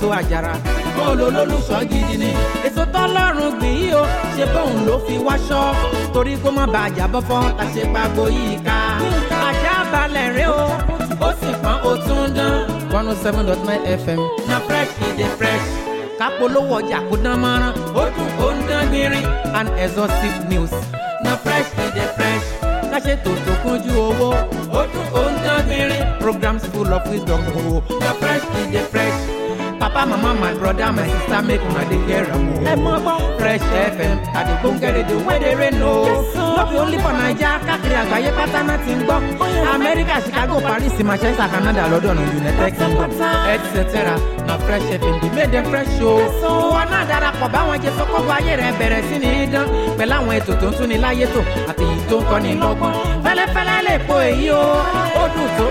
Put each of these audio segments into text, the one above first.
èso àjàrà bọ́ọ̀lù gidi ni èso tọ́lọ́run gbìn yìí o ṣe bóun ló fi wáṣọ torí kó má bàa jábọ́ fọ́n la ṣe pàgọ́ yìí ká àjà balẹ̀ rẹ o ó sì pọ́n ó dán. one oh seven dot nine fm na fresh e dey fresh kápolówó ọjà kó dán mọ́rán ó dùn ó dán gbinrin and exhaustive news na fresh e dey fresh ṣe tòótọ́ kúnjú owó. ó dún òun dán gbinrin. programs full of wisdom na fresh e dey fresh papa mama my brother my sister make una dey hear am o. ẹ mọ gbọ́ fresh fm àdìgbòǹgẹ rédíò wẹ́ẹ́dẹ̀rẹ́ nù o. lọ́bì ó lè fọ naija káàkiri àgbáyé pátá náà ti ń gbọ́. Oh, amẹ́ríkà chicago paris manchester canada london united kingdom etc na fresh fm dey make dem fresh o. Oh. wọn náà darapọ̀ báwọn jẹ sọ kọ́kọ́ ayé rẹ̀ bẹ̀rẹ̀ sí ní dán pẹ̀lú àwọn ètò tó ń tún ni láyé tò àtẹ̀yìn tó ń kọ́ni lọ́gbọ́n fẹ́lẹ́fẹ́lẹ́ lè po èyí o oh. ó dùn tó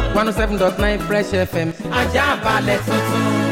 107.9 Fresh FM ajá balẹ̀ tuntun.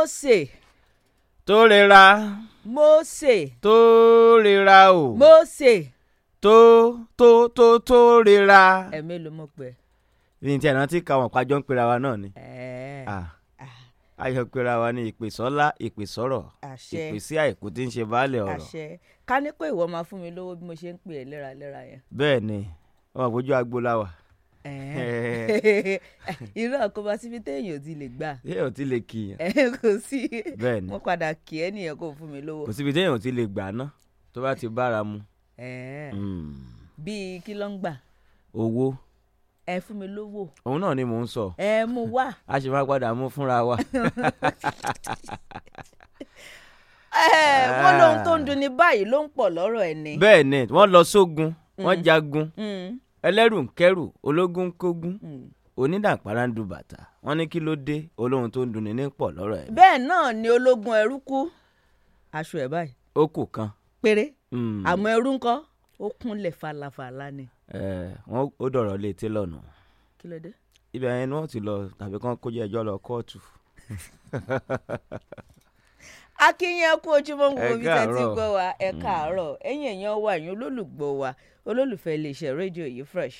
Mósè. tó rẹra. Mósè. tó rẹra o. Mósè. tó tó tó tó rẹra. ẹ mélòó mo pè. ní ti àná tí káwọn pàjọ ń pera wa náà ni. ayọ̀ pera wa ni ìpèsọ́lá ìpèsọ́rọ̀ ìpèsè àìkú tí ń ṣe baálẹ̀ ọ̀rọ̀. ká ní pé ìwọ máa fún mi lówó bí mo ṣe ń pè é léraléra yẹn. bẹ́ẹ̀ ni wọn àbójú agbo la wà. irú àkóbá síbi téèyàn ò ti lè gbà. téèyàn ò ti lè kìyàn. kò sí wọn padà kì ẹ́ nìyẹn kò fún mi lówó. kò síbi téèyàn ti lè gbà ná tó bá ti bára mu. Hmm. bíi kí ló ń gbà. owó ẹ fún mi lówó. òun náà ni mò ń sọ. ẹ mú wá. a sì máa padà mú fúnra wa. wọ́n lóhun tó ń ah. dunni báyìí ló ń pọ̀ lọ́rọ̀ ẹ̀ ni. bẹ́ẹ̀ ni wọ́n lọ sógun wọ́n mm. jagun mm ẹlẹ́rù ń kẹ́rù ológun ń kógun hmm. onídàpárá ń du bàtà wọn ní kí ló dé olóhun tó ń dunni ní pọ̀ lọ́rọ̀ ẹ̀. bẹ́ẹ̀ náà ni ológun ẹrú kú aṣọ ẹ̀ báyìí. ó kù kan. péré hmm. àmọ́ ẹrú ńkọ́ ó kúnlẹ̀ falafala ni. ẹ wọn ó dọ̀rọ̀ lé télọ̀ nù. kí ló dé. ibẹ̀ yẹn ni wọ́n ti lọ tàbí kán kó jẹ́ ẹjọ́ lọ kóòtù. akínyẹ̀kú ojúmọ́ ń wo ibi tẹ́ ti gbọ́ wa ẹ hmm. káàárọ̀ ẹ̀yìn èèyàn wà yín olólùgbọ́ wa olólùfẹ́ iléeṣẹ́ rédíò yìí fresh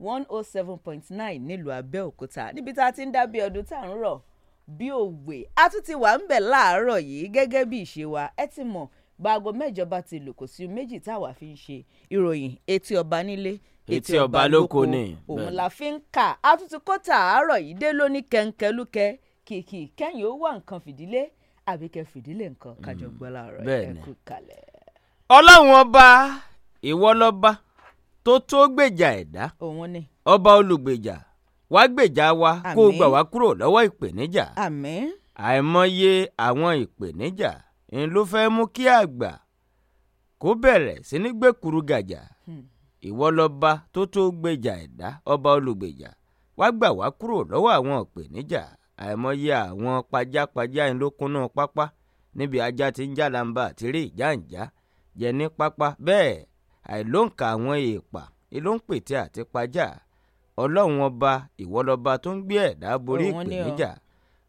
one oh seven point nine nílùú abẹ́òkúta níbi tá a ti ń dá bí ọdún tá à ń rọ̀ bí òwe a tún ti wà ń bẹ̀ láàárọ̀ yìí gẹ́gẹ́ bí ìṣe wa ẹ ti mọ̀ gbago mẹ́jọba ti lò kò sí méjì táwa fi ń ṣe ìròyìn etí ọba nílé etí ọba lóko ni òun la fi ń kà á tún ti kó tààrọ̀ yìí dé lóní kẹńkẹlúkẹ kìkì kẹ́yìn ó wà nǹkan fìdílé àbí fìdílé nǹkan kájọ mm, gbọ́ láàárọ̀ ẹ kalẹ̀. ọlọ́run ọba ìwọ lọ́ba tó tó gbèjà ẹ̀dá ọba olùgbèjà wá gbèjà wa kó gbà wá kúrò lọ́wọ́ ìpèníjà àìmọye àwọn ìpèníjà ń ló fẹ́ mú kí àgbà kó bẹ̀rẹ̀ sí ní gbẹ̀kuru gàjà hmm. ìwọ lọ́ba tó tó gbèjà ẹ̀dá ọba olùgbèjà wá gbà wá kúrò lọ́wọ́ àwọn ìpèníjà àìmọye àwọn pajápajá ń ló kúnná pápá níbi ajá ti ń já lamba àti rí ìjà ń já jẹ ní pápá bẹ́ẹ̀ àìlóǹkà àwọn èèpà ló ń pètè àti pajá ọlọ́run ọba ìwọ́lọ́ba tó ń gbé ẹ̀dá borí ìpèníjà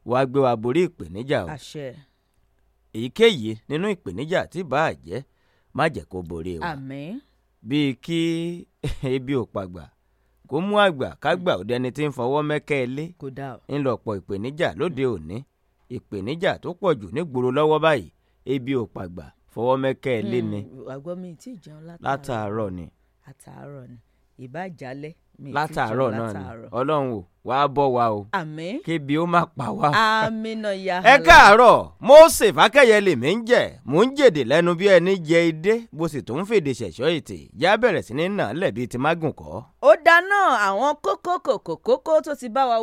wàá gbé wa borí ìpèníjà o èyíkéyìí nínú ìpèníjà tí bàá jẹ́ má jẹ́ kó borí wa bíi kí ebi ò pàgbà kó mú àgbà kágbà ò dẹni tí ń fọwọ́ mẹ́kẹ́ ilé ńlọpọ̀ ìpèníjà lóde òní ìpèníjà tó pọ̀ jù nígboro lọ́wọ́ báyìí ebi ò pàgbà fọwọ́ mẹ́kẹ́ ẹ̀ lé ni. Hmm, àgbọ̀ mi tí ì jẹun látàárọ̀. látàárọ̀ ni. àtàárọ̀ ni ìbá jalẹ̀ mi ì tí ì jẹun látàárọ̀ náà ni ọlọ́run wò wà á bọ̀ wá o. àmín. kébi ó má pa wá. àmín náà ya. ẹ káàárọ̀ Mósè Fákẹ́yẹ lèmi ń jẹ́ mò ń jèdè lẹ́nu bí ẹni jẹ idé bó sì tún ń fèdè ṣẹ̀ṣọ́ ètè já bẹ̀rẹ̀ sí ní nà lẹ́bi ti mágùn kọ́. ó dáná àwọn kókó kòkó kókó tó ti bá wa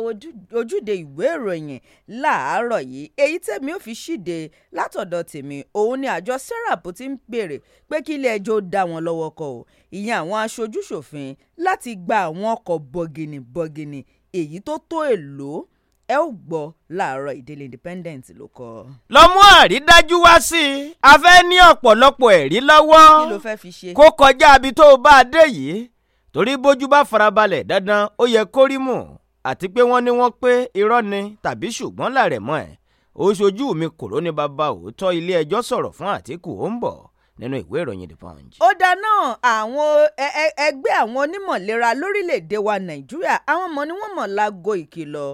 ojúde ìwé ìròyìn láàárọ̀ yìí èyí tèmi ò fi ṣíde látọ̀dọ̀ tèmi òun ni àjọ serap ti ń pèrè pé kí ẹjọ́ dá wọn lọ́wọ́ kọ o ìyẹn àwọn aṣojú ṣòfin láti gba àwọn ọkọ̀ bọ̀gìnì bọ̀gìnì èyí tó tó èlò ẹ ó gbọ́ láàárọ̀ ìdílé independent ló kọ. lọ mú àrídájú wá sí i a fẹ́ ní ọ̀pọ̀lọpọ̀ ẹ̀rí lọ́wọ́ kí ló fẹ́ fi ṣe kó kọjá abi tó o bá a dé yìí torí bójú bá farabalẹ̀ dandan ó yẹ kó rí mù àti pé wọ́n ní wọ́n pé irọ́ ni tàbí ṣùgbọ́n làrẹ̀ mọ́ ẹ̀ ó ṣojú mi kòró ní bàbá òótọ́ ilé ẹjọ́ sọ̀rọ̀ fún Àtíkù ó ń bọ̀ nínú ìwé ìròyìn the punch. ó dáná àwọn ẹgbẹ́ àwọn onímọ̀lera lórílẹ̀‐èdè wa nàìjíríà àwọn ọmọ ni wọ́n mọ̀ láago ìkìlọ̀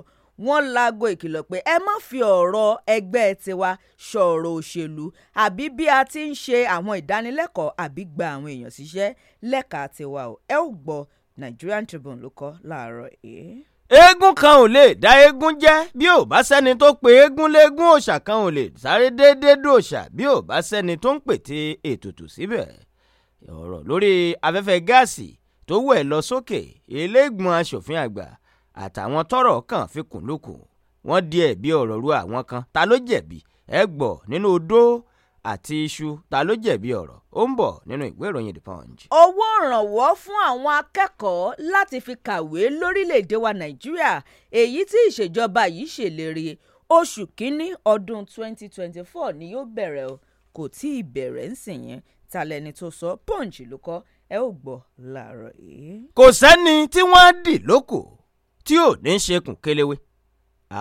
wọ́n láago ìkìlọ̀ pé ẹ má fi ọ̀rọ̀ ẹgbẹ́ tiwa sọ̀rọ̀ òṣèlú àbí bí a ti ń ṣe àwọn ìdánilẹ́kọ̀ọ́ àbí gba àwọn èèyàn síṣẹ́ lẹ́ka tiwa o ẹ ò gbọ́ Nigerian Tribune ló kọ́ láàárọ̀ yìí eégún kan ò lè dá eégún jẹ́ bí ò bá sẹ́ni tó pe eégún léégún òòṣà kan ò lè sáré déédéé dòòṣà bí ò bá sẹ́ni tó ń pète ètùtù síbẹ̀ ọ̀rọ̀ lórí afẹ́fẹ́ gáàsì tó wẹ̀ lọ sókè eléègbọn asòfin àgbà àtàwọn tọ́rọ̀ kàn fi kùn wọ́n di ẹ̀bi ọ̀rọ̀ ru àwọn kan ta ló jẹ̀bi ẹ gbọ́ nínú odó àti iṣu ta ló jẹ̀bi ọ̀rọ̀ ó ń bọ̀ nínú ìwé ìròyìn the punch. owó ìrànwọ́ fún àwọn akẹ́kọ̀ọ́ láti fi kàwé lórílẹ̀‐èdè wa nàìjíríà èyí tí ìṣèjọba yìí ṣèlérí oṣù kínní ọdún 2024 ni yóò bẹ̀rẹ̀ o kò tí ì bẹ̀rẹ̀ ń sìn yẹn tó sọ punch ló kọ́ ẹ ó gbọ́ làárọ̀ yìí. kò sẹ́ni tí wọ́n dì lóko tí ò ní ṣekùn kéléwé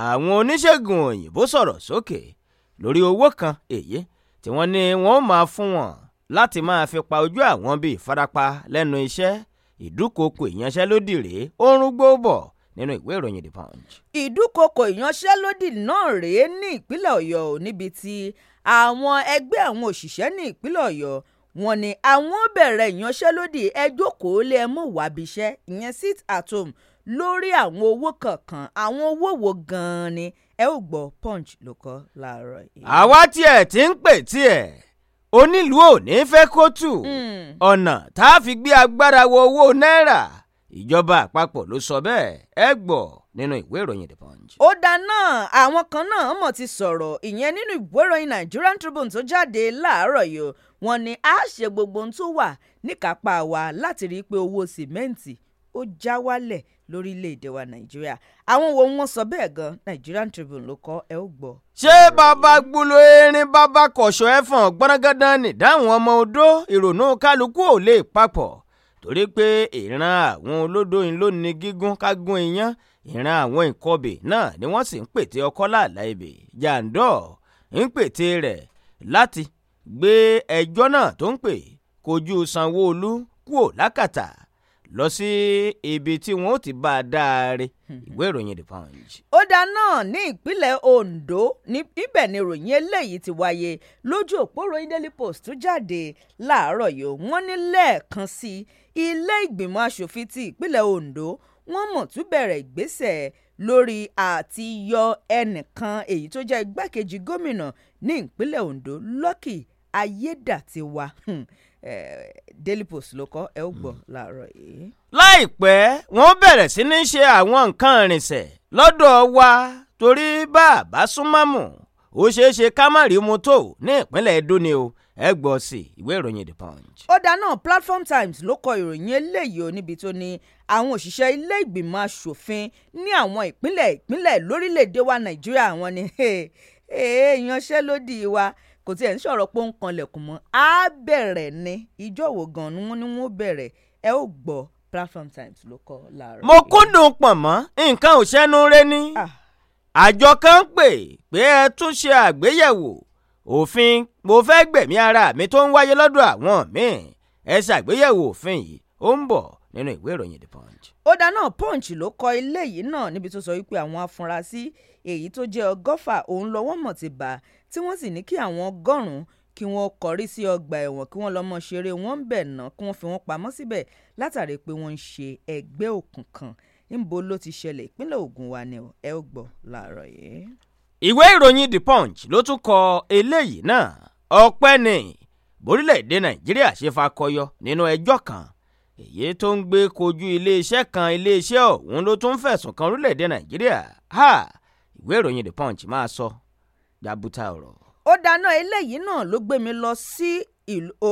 àwọn oníṣègùn òyìnbó sọ̀rọ̀ sókè lórí owó kan èyí tí wọ́n ní wọ́n máa fún wọn láti máa fi pa ojú àwọn bíi ìfarapa lẹ́nu iṣẹ́ ìdúkokò ìyanṣẹ́lódì rèé ó ń rúgbó bọ̀ nínú ìwé ìròyìn the punch. ìdúkokò ìyanṣẹ́lódì náà rèé ní ìpínlẹ̀ ọ̀yọ́ níbi tí àwọn ẹgbẹ́ àwọn òṣìṣẹ́ ní ìpínlẹ̀ ọ̀yọ́ wọ́n ní àwọn bẹ̀rẹ̀ ìyanṣẹ́lódì ẹ jókòó lé ẹ mọ̀ wábíṣẹ́ ìyẹn sit at home lórí àwọn owó kankan àwọn owó wo gan-an ni ẹ ó gbọ́ punch ló kọ́ láàárọ̀ yìí. àwa tiẹ̀ ti ń pè tiẹ̀ onílùú ò ní fẹ́ kó tù hmm. ọ̀nà tá a fi gbé agbára wọ owó náírà ìjọba àpapọ̀ ló sọ bẹ́ẹ̀ ẹ gbọ́ nínú ìwé ìròyìn the punch. ó dáná àwọn kan náà mọ̀ ti sọ̀rọ̀ ìyẹn nínú ìwé ìròyìn Nigerian Tribune tó jáde láàárọ̀ yìí wọ́n ní a ṣe gbogbo ohun tó wà níkápá wa láti rí i pé owó sìmẹ́ǹtì ó já wálẹ̀ lórílẹ̀‐èdè wa nàìjíríà àwọn wo wọ́n sọ bẹ́ẹ̀ gan Nigerian Tribune ló kọ ẹ ó gbọ́. ṣé bàbá gbulo erin bàbá kọ̀ṣọ́ ẹ̀fọ̀n gbọ́nàgàdàn ni dáhùn ọmọ odó ìrònú kálukú ò lè papọ̀ torí pé ìran àwọn olódò yìí ló ní gígùn kágún iyán ìran àwọn ìkọbè náà ni wọ́n sì ń pètè ọkọ́ láàlá ibè jàǹdọ́ ń pètè rẹ̀ láti gbé ẹjọ́ náà tó ń pè kojú Sanwó-Olú kúò lákàtà lọ sí ibi tí wọn ó ti bá a dáre hmm. ìwé ìròyìn the punch. ó dá náà ní ìpínlẹ̀ Ondo níbẹ̀ ni ìròyìn eléyìí ti wáyé lójú òpó ròyìn Daily Post tó jáde láàárọ̀ yìí wọ́n ní lẹ́ẹ̀kan sí ilé ìgbìmọ̀ asòfin ti ìpínlẹ̀ Ondo wọ́n mọ̀ tún bẹ̀rẹ̀ ìgbésẹ̀ lórí àti yọ ẹnìkan èyí tó jẹ́ igbákejì gómìnà ní ìpínlẹ̀ Ondo Lucky Ayédàtiwa. Hmm. Eh, Daily Post ló kọ́ ẹ ó gbọ́ hmm. láàárọ̀ yìí. láìpẹ́ wọ́n bẹ̀rẹ̀ sí ní ṣe àwọn nǹkan ìrìnsẹ̀ lọ́dọ̀ wa torí bá a bá súnmọ́ mọ̀ ó ṣeé ṣe ká má rí mu tó ní ìpínlẹ̀ Edo ni o ẹ gbọ́ sí ìwé ìròyìn The Punch. ó dáná Platform Times ló kọ ìròyìn eléyìí o níbi tó ní àwọn òṣìṣẹ́ ilé ìgbìmọ̀ asòfin ní àwọn ìpínlẹ̀ ìpínlẹ̀ lórílẹ̀‐èdè wa Nàìjíríà wọn ni èèyàn ṣẹ́ lódì wa kò tiẹ̀ ń sọ̀rọ̀ pé ó ń kanlẹ̀kùn mọ́ á bẹ̀rẹ̀ ni ìjọ wo gan-an ni wọ́n ní wọ́n bẹ̀rẹ̀ ẹ ó gbọ́ platform times ló kọ́ láàárọ̀. mo kúndùn pọ̀n mọ́ nǹkan ò ṣẹ́nu rẹ ní. Ah. àjọ kan pè pé ẹ tún ṣe àgbéyẹ̀wò òfin mo fẹ́ gbẹ̀mí ara mi tó ń wáyé lọ́dọ̀ àwọn míì ẹ ṣàgbéyẹ̀wò òfin yìí ó ń bọ̀ nínú ìwé ìròyìn the punch. ó dáná punch ló kọ ilé yìí náà níbi tó sọ wípé àwọn afurasí èyí tó jẹ́ ọgọ́fà òun lọ́wọ́ mọ̀ ti bà tí wọ́n sì ní kí àwọn ọgọ́rùn-ún kí wọ́n kọrí sí ọgbà ẹ̀wọ̀n kí wọ́n lọ́ mọ ṣeré wọn ń bẹ̀ ná kí wọ́n fi wọ́n pamọ́ síbẹ̀ látàrí pé wọ́n ń ṣe ẹgbẹ́ òkùnkàn níbo ló ti ṣẹlẹ̀ ìpínlẹ̀ Ògùn wa ni ẹ ó gbọ́ làárọ̀ yìí. ìwé ìròyìn The Punch ló tún kọ eléyìí náà ọpẹ́ ni borílẹ̀-èdè Nàìjíríà ṣe fakọyọ nínú ẹjọ́ kan èyí tó ń gbé kojú iléeṣẹ́ kan iléeṣẹ́ ọ̀hún ló tún fẹ̀sùn kan orílẹ̀-èdè Nàìjíríà ìwé ìròyìn The Punch máa sọ jàbútà ọ̀rọ̀. ó dáná eléyìí náà ló gbé mi lọ sí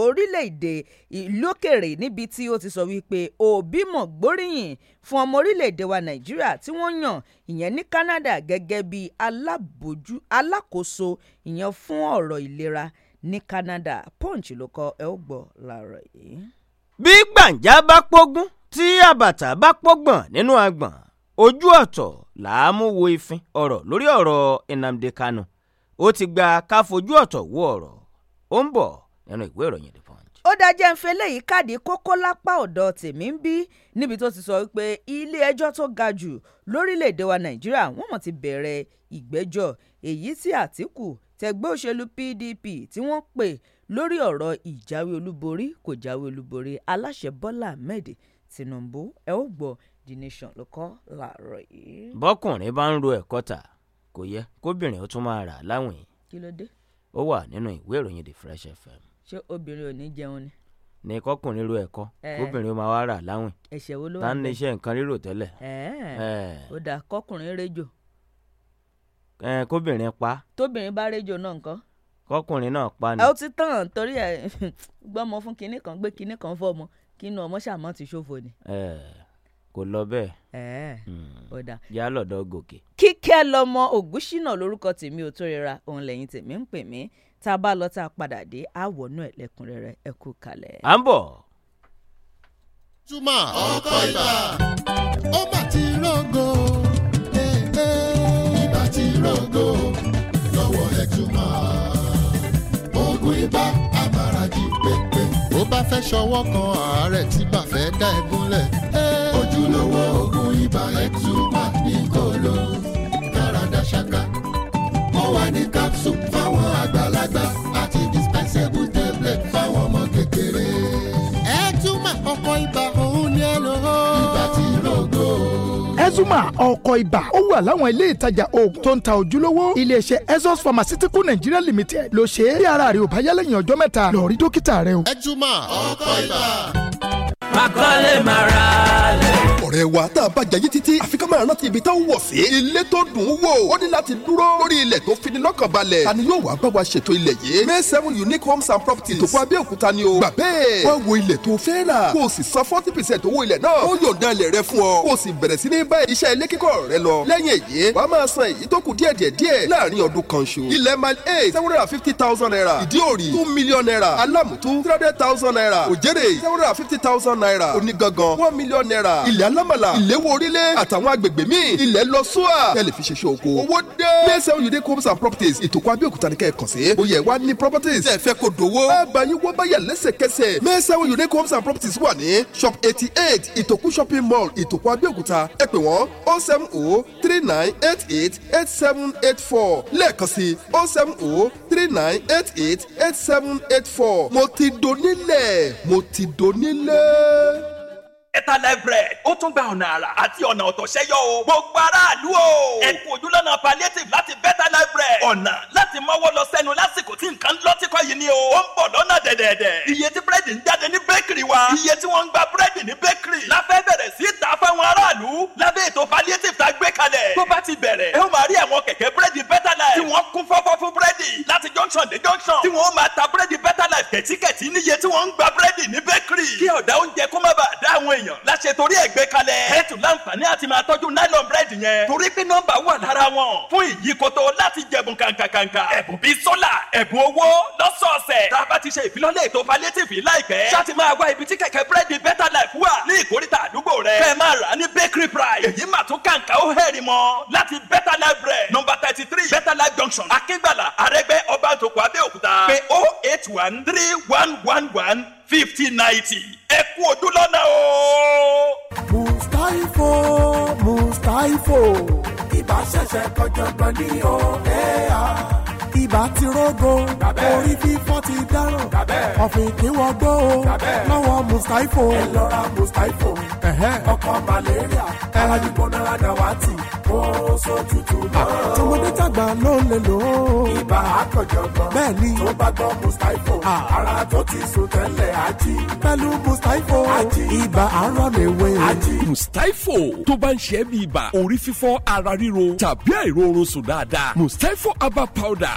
orílẹ̀-èdè ìlú òkèèrè níbi tí ó ti sọ wípé òbí mọ̀ gbóríyìn fún ọmọ orílẹ̀-èdè wa nàìjíríà tí wọ́n yàn ìyẹn ní canada gẹ́gẹ́ bí alákòóso ìyẹn fún ọ̀rọ̀ ìlera ní canada punch ló kọ ẹ ó gbọ́ làárọ̀ yìí. bí gbàǹjà bá pógún tí àbàtà bá pọ́gbọ̀n nínú àgbọ̀n ojú ọ̀tọ̀ làá mú wo ìfín ọ̀rọ̀ lórí ọ̀rọ̀ nnamdi kanu ó ti gba ká fojú ọ̀tọ̀ wo ọ̀rọ̀ ó ń bọ̀ nínú ìwé ìròyìn the punch. ó dá jẹ́ǹfẹ́ léyìí káàdì kókó lápá ọ̀dọ̀ tèmi ń bí níbi tó ti sọ wípé ilé ẹjọ́ tó ga jù lórílẹ̀‐èdè wa nàìjíríà wọ́n mọ̀ ti bẹ̀rẹ̀ ìgbẹ́jọ́ èyí tí àtìkù tẹ̀gbẹ́ òṣèlú pdp tí wọ́n pè lórí ọ̀rọ̀ ìjáwé olúborí kò jáwé olúborí aláṣẹ bọ́lá ahmed tinubu ẹ ó gbọ́ the nation ló làárọ̀ yìí. bọ́kùnrin bá ń ro ẹ̀kọ́ ta kò yẹ kóbìnrin ó tún máa rà láwìn. kí ló dé. ó wà nínú ìwé ìròyìn the fresh fm. ṣé obìnrin ò ní jẹun ni. ní kọkùnrin ro ẹ̀kọ́ kóbìnrin ó máa wá rà láwìn. ẹ̀ṣẹ̀ wo ló wà ní. tá ń níṣẹ́ nǹkan rírò tẹ́lẹ̀. ó dà kọkùnrin réjò. kóbìnrin pa. tóbìnrin bá réjò náà nǹkan kọkùnrin náà pa ni. ẹ ó ti tàn torí ẹ gbọ́mọ fún kinní kan gbé kinní kan fọ́ ọmọ kínú ọmọ ṣàmọ́ ti ṣòfò ni. Eh kò lọ bẹ́ẹ̀. ẹ̀ẹ́ hmm. ó dà. yá lọ́dọ̀ gòkè. kíkẹ́ lọmọ ògúnṣínà lórúkọ tèmi ò tó rira òun lẹ́yìn tèmi ń pè mí tá a bá lọ tá a padà dé àwọ̀ náà lẹ́kùnrẹ́rẹ́ ẹ kú kalẹ̀. à ń bọ̀. túmọ̀ ọkọ̀ ibà ó bá ti rògo ibà ti rògo lọ́wọ́ ẹ̀ túmọ̀ ogun ibà àmàràjì pépé. bó bá fẹ́ ṣọwọ́ kan àárẹ̀ tí bá fẹ́ dá ẹ gúnlẹ̀. ní capsule fáwọn àgbàlagbà àti dispensable tablet fáwọn ọmọ kékeré. ẹ túmọ̀ ọkọ̀ ibà òun ni ẹ lò ó. ibà tí rògbò. Ezuma ọkọ̀ ibà ó wà láwọn ilé ìtajà oògùn tó ń ta ojúlówó iléeṣẹ́ Ezos Pharmaceutical Nigeria Limited ló ṣe é bí ara rẹ̀ ò bá yá lẹ́yìn ọjọ́ mẹ́ta lọ rí dókítà rẹ o. Ezuma ọkọ̀ ibà má kọ́lé má ra lẹ̀. ọ̀rẹ́ wa tá a bá jẹ́ yí títí àfi ká máa rántí ibi tó ń wọ̀ sí. ilé tó dùn ún wò ó ní láti dúró lórí ilẹ̀ tó fini lọ́kàn balẹ̀. ta ni yóò wá bá wa ṣètò ilẹ̀ yìí. May seven unique homes and properties tó kó Abẹ́òkúta ni o. bàbẹ́ wá wo ilẹ̀ tó fẹ́ rà kó o sì san forty percent owó ilẹ̀ náà. ó yọ̀ǹda ilẹ̀ rẹ fún ọ kó o sì bẹ̀rẹ̀ sí ní bá iṣẹ́ ilé kíkọ́ rẹ lọ. lẹ́yìn èyí wàá máa san èyí tó kù díẹ̀díẹ̀ díẹ̀ láàrin ọdún kan ṣo. ilẹ̀ mile eight seven hundred fifty thousand naira ìdí òrì two million naira alámùtú three hundred thousand naira òjèrè seven hundred fifty thousand naira onígangan one million naira ilẹ̀ alámàlà ìléwọ́ orílẹ̀ àtàwọn agbègbè míì ilẹ̀ lọ sùà tẹ́lẹ̀ fi ṣẹṣẹ oko owó dé lẹ́sẹ̀ oyèdè homes and properties ìtòkọ́ abẹ́òkúta ni kẹ́ẹ̀kan sí ó yẹ wá ní properties tẹ́ fẹ́ kó dòwó àbáyé wọ́n báyà lẹ́sẹ̀kẹsẹ̀ lẹ́sẹ̀ oyèdè homes and properties wà ní shop eighty eight ìtòkú shopping mall ìtòkọ́ abẹ́òkúta ẹ pè wọ́n oh seven oh three nine eight eight eight seven eight four lẹ́ẹ̀kan sí oh seven oh three nine eight eight eight seven eight four mo ti donílẹ̀ mo ti donílẹ̀. Amen. ẹ̀tàlẹ̀ bread ó tún gba ọ̀nà àrà àti ọ̀nà ọ̀tọ̀ṣẹ́yọ o gbogbo aráàlú o ẹ̀kú ojúlọ́nà palliative láti bẹ́tàlẹ̀ bread ọ̀nà láti mọ́wọ́ lọ sẹ́nu lásìkò tí nǹkan lọ́tíkọ́ yìí ni o ó ń bọ̀ lọ́nà dẹ̀dẹ̀dẹ̀ iye tí búrẹ́dì ń jáde ní bẹ́kìrì wa iye tí wọ́n ń gba búrẹ́dì ní bẹ́kìrì la fẹ́ bẹ̀rẹ̀ sí ta fáwọn aráàlú lábẹ́ ètò palliative tá a gbé kalẹ̀ tó bá ti bẹ̀rẹ̀ ẹ ó máa rí àwọn kẹ̀kẹ́ búrẹ́dì better life tí wọ́n kún fọ́fọ́ fún búrẹ́dì láti junction dé junction tí wọ́n máa ta búrẹ́dì better life kẹ̀tíkẹ̀tí níye tí wọ́n ń gba búrẹ́dì ní bẹ́kìrì kí ọ̀dà ènìyàn láṣẹ torí ẹ̀ gbé kalẹ̀. kẹ́tù láǹfààní àti máa tọ́jú nylon bread yẹn. torí pé nọ́mbà wà lára wọn. fún ìyíkoto láti jẹ̀bùn kàǹkàǹkà. ẹ̀bùn bíi sólà ẹ̀bùn owó lọ́sọ̀ọ̀sẹ̀. tá a bá ti ṣe ìfilọ́lẹ̀ ètò palliative láìpẹ́. ṣáàtì máa wá ibi tí kẹ̀kẹ́ búrẹ́dì better life wà ní ìkórìtà àdúgbò rẹ̀. fẹ́ẹ́ máa rà ní bakery price. èyí mà tún kàǹkà ó hẹ̀rì mọ́ láti better life bread. number thirty three better life junction akíngbàlà àrẹ́gbẹ́ ọbàtòkù abẹ́òkúta. pé oh eight one three one one one fifty ninety ẹ kú ojú lọ́nà o. mustaifo mustaifo ibà ṣẹ̀ṣẹ̀ kọjọ́gbọ́n ní ọ̀ẹ́ a ibà ti rógo orí fífọ́ ti dáràn ọ̀fìn ìdíwọ́gbó o lọ́wọ́ mùsáífò. ẹ lọ ra mùsáífò ọkọ̀ malaria ara gbígbóná radawati ó so tutù náà. Ah, tọmọdé tàgbà ló ń lè lò ó. ibà àkànjọ̀gbọ́n bẹ́ẹ̀ ni tó bá gbọ́ mùsáífò ah. ara tó ti sùn tẹ́lẹ̀ ají. pẹ̀lú mùsáífò ibà arọ lè wé. mùsáífò tó bá ń ṣe é bí ibà orí fífọ́ ara ríro tàbí àìróorun sùn dáadáa mùsáífò herbal powder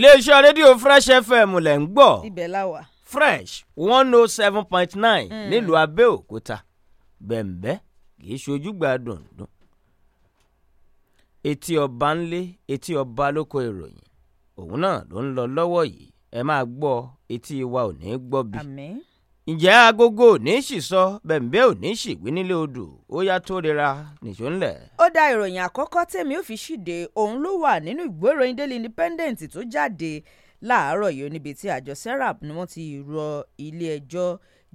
iléeṣẹ́ rédíò fresh fm lẹ̀ ń gbọ́ ibẹ̀ fresh one oh seven point nine mm. nílùú abẹ́òkúta bẹ̀m̀bẹ́ kì í ṣojúgbà dùndùn etí ọba ńlé etí ọba lóko ìròyìn òun náà ló ń lọ lọ́wọ́ yìí ẹ máa gbọ́ etí wa ò ní gbọ́ bí ǹjẹ́ agogo ò ní sì sọ bẹ̀m̀bẹ́ ò ní sì wí nílé odò ó yá tó rira nìṣó ńlẹ̀. ó da ìròyìn àkọ́kọ́ tèmi ò fi ṣíde òun ló wà nínú ìgbéròyìn daily independent tó jáde láàárọ̀ yìí níbi tí àjọ serap ni wọ́n ti rọ ilé-ẹjọ́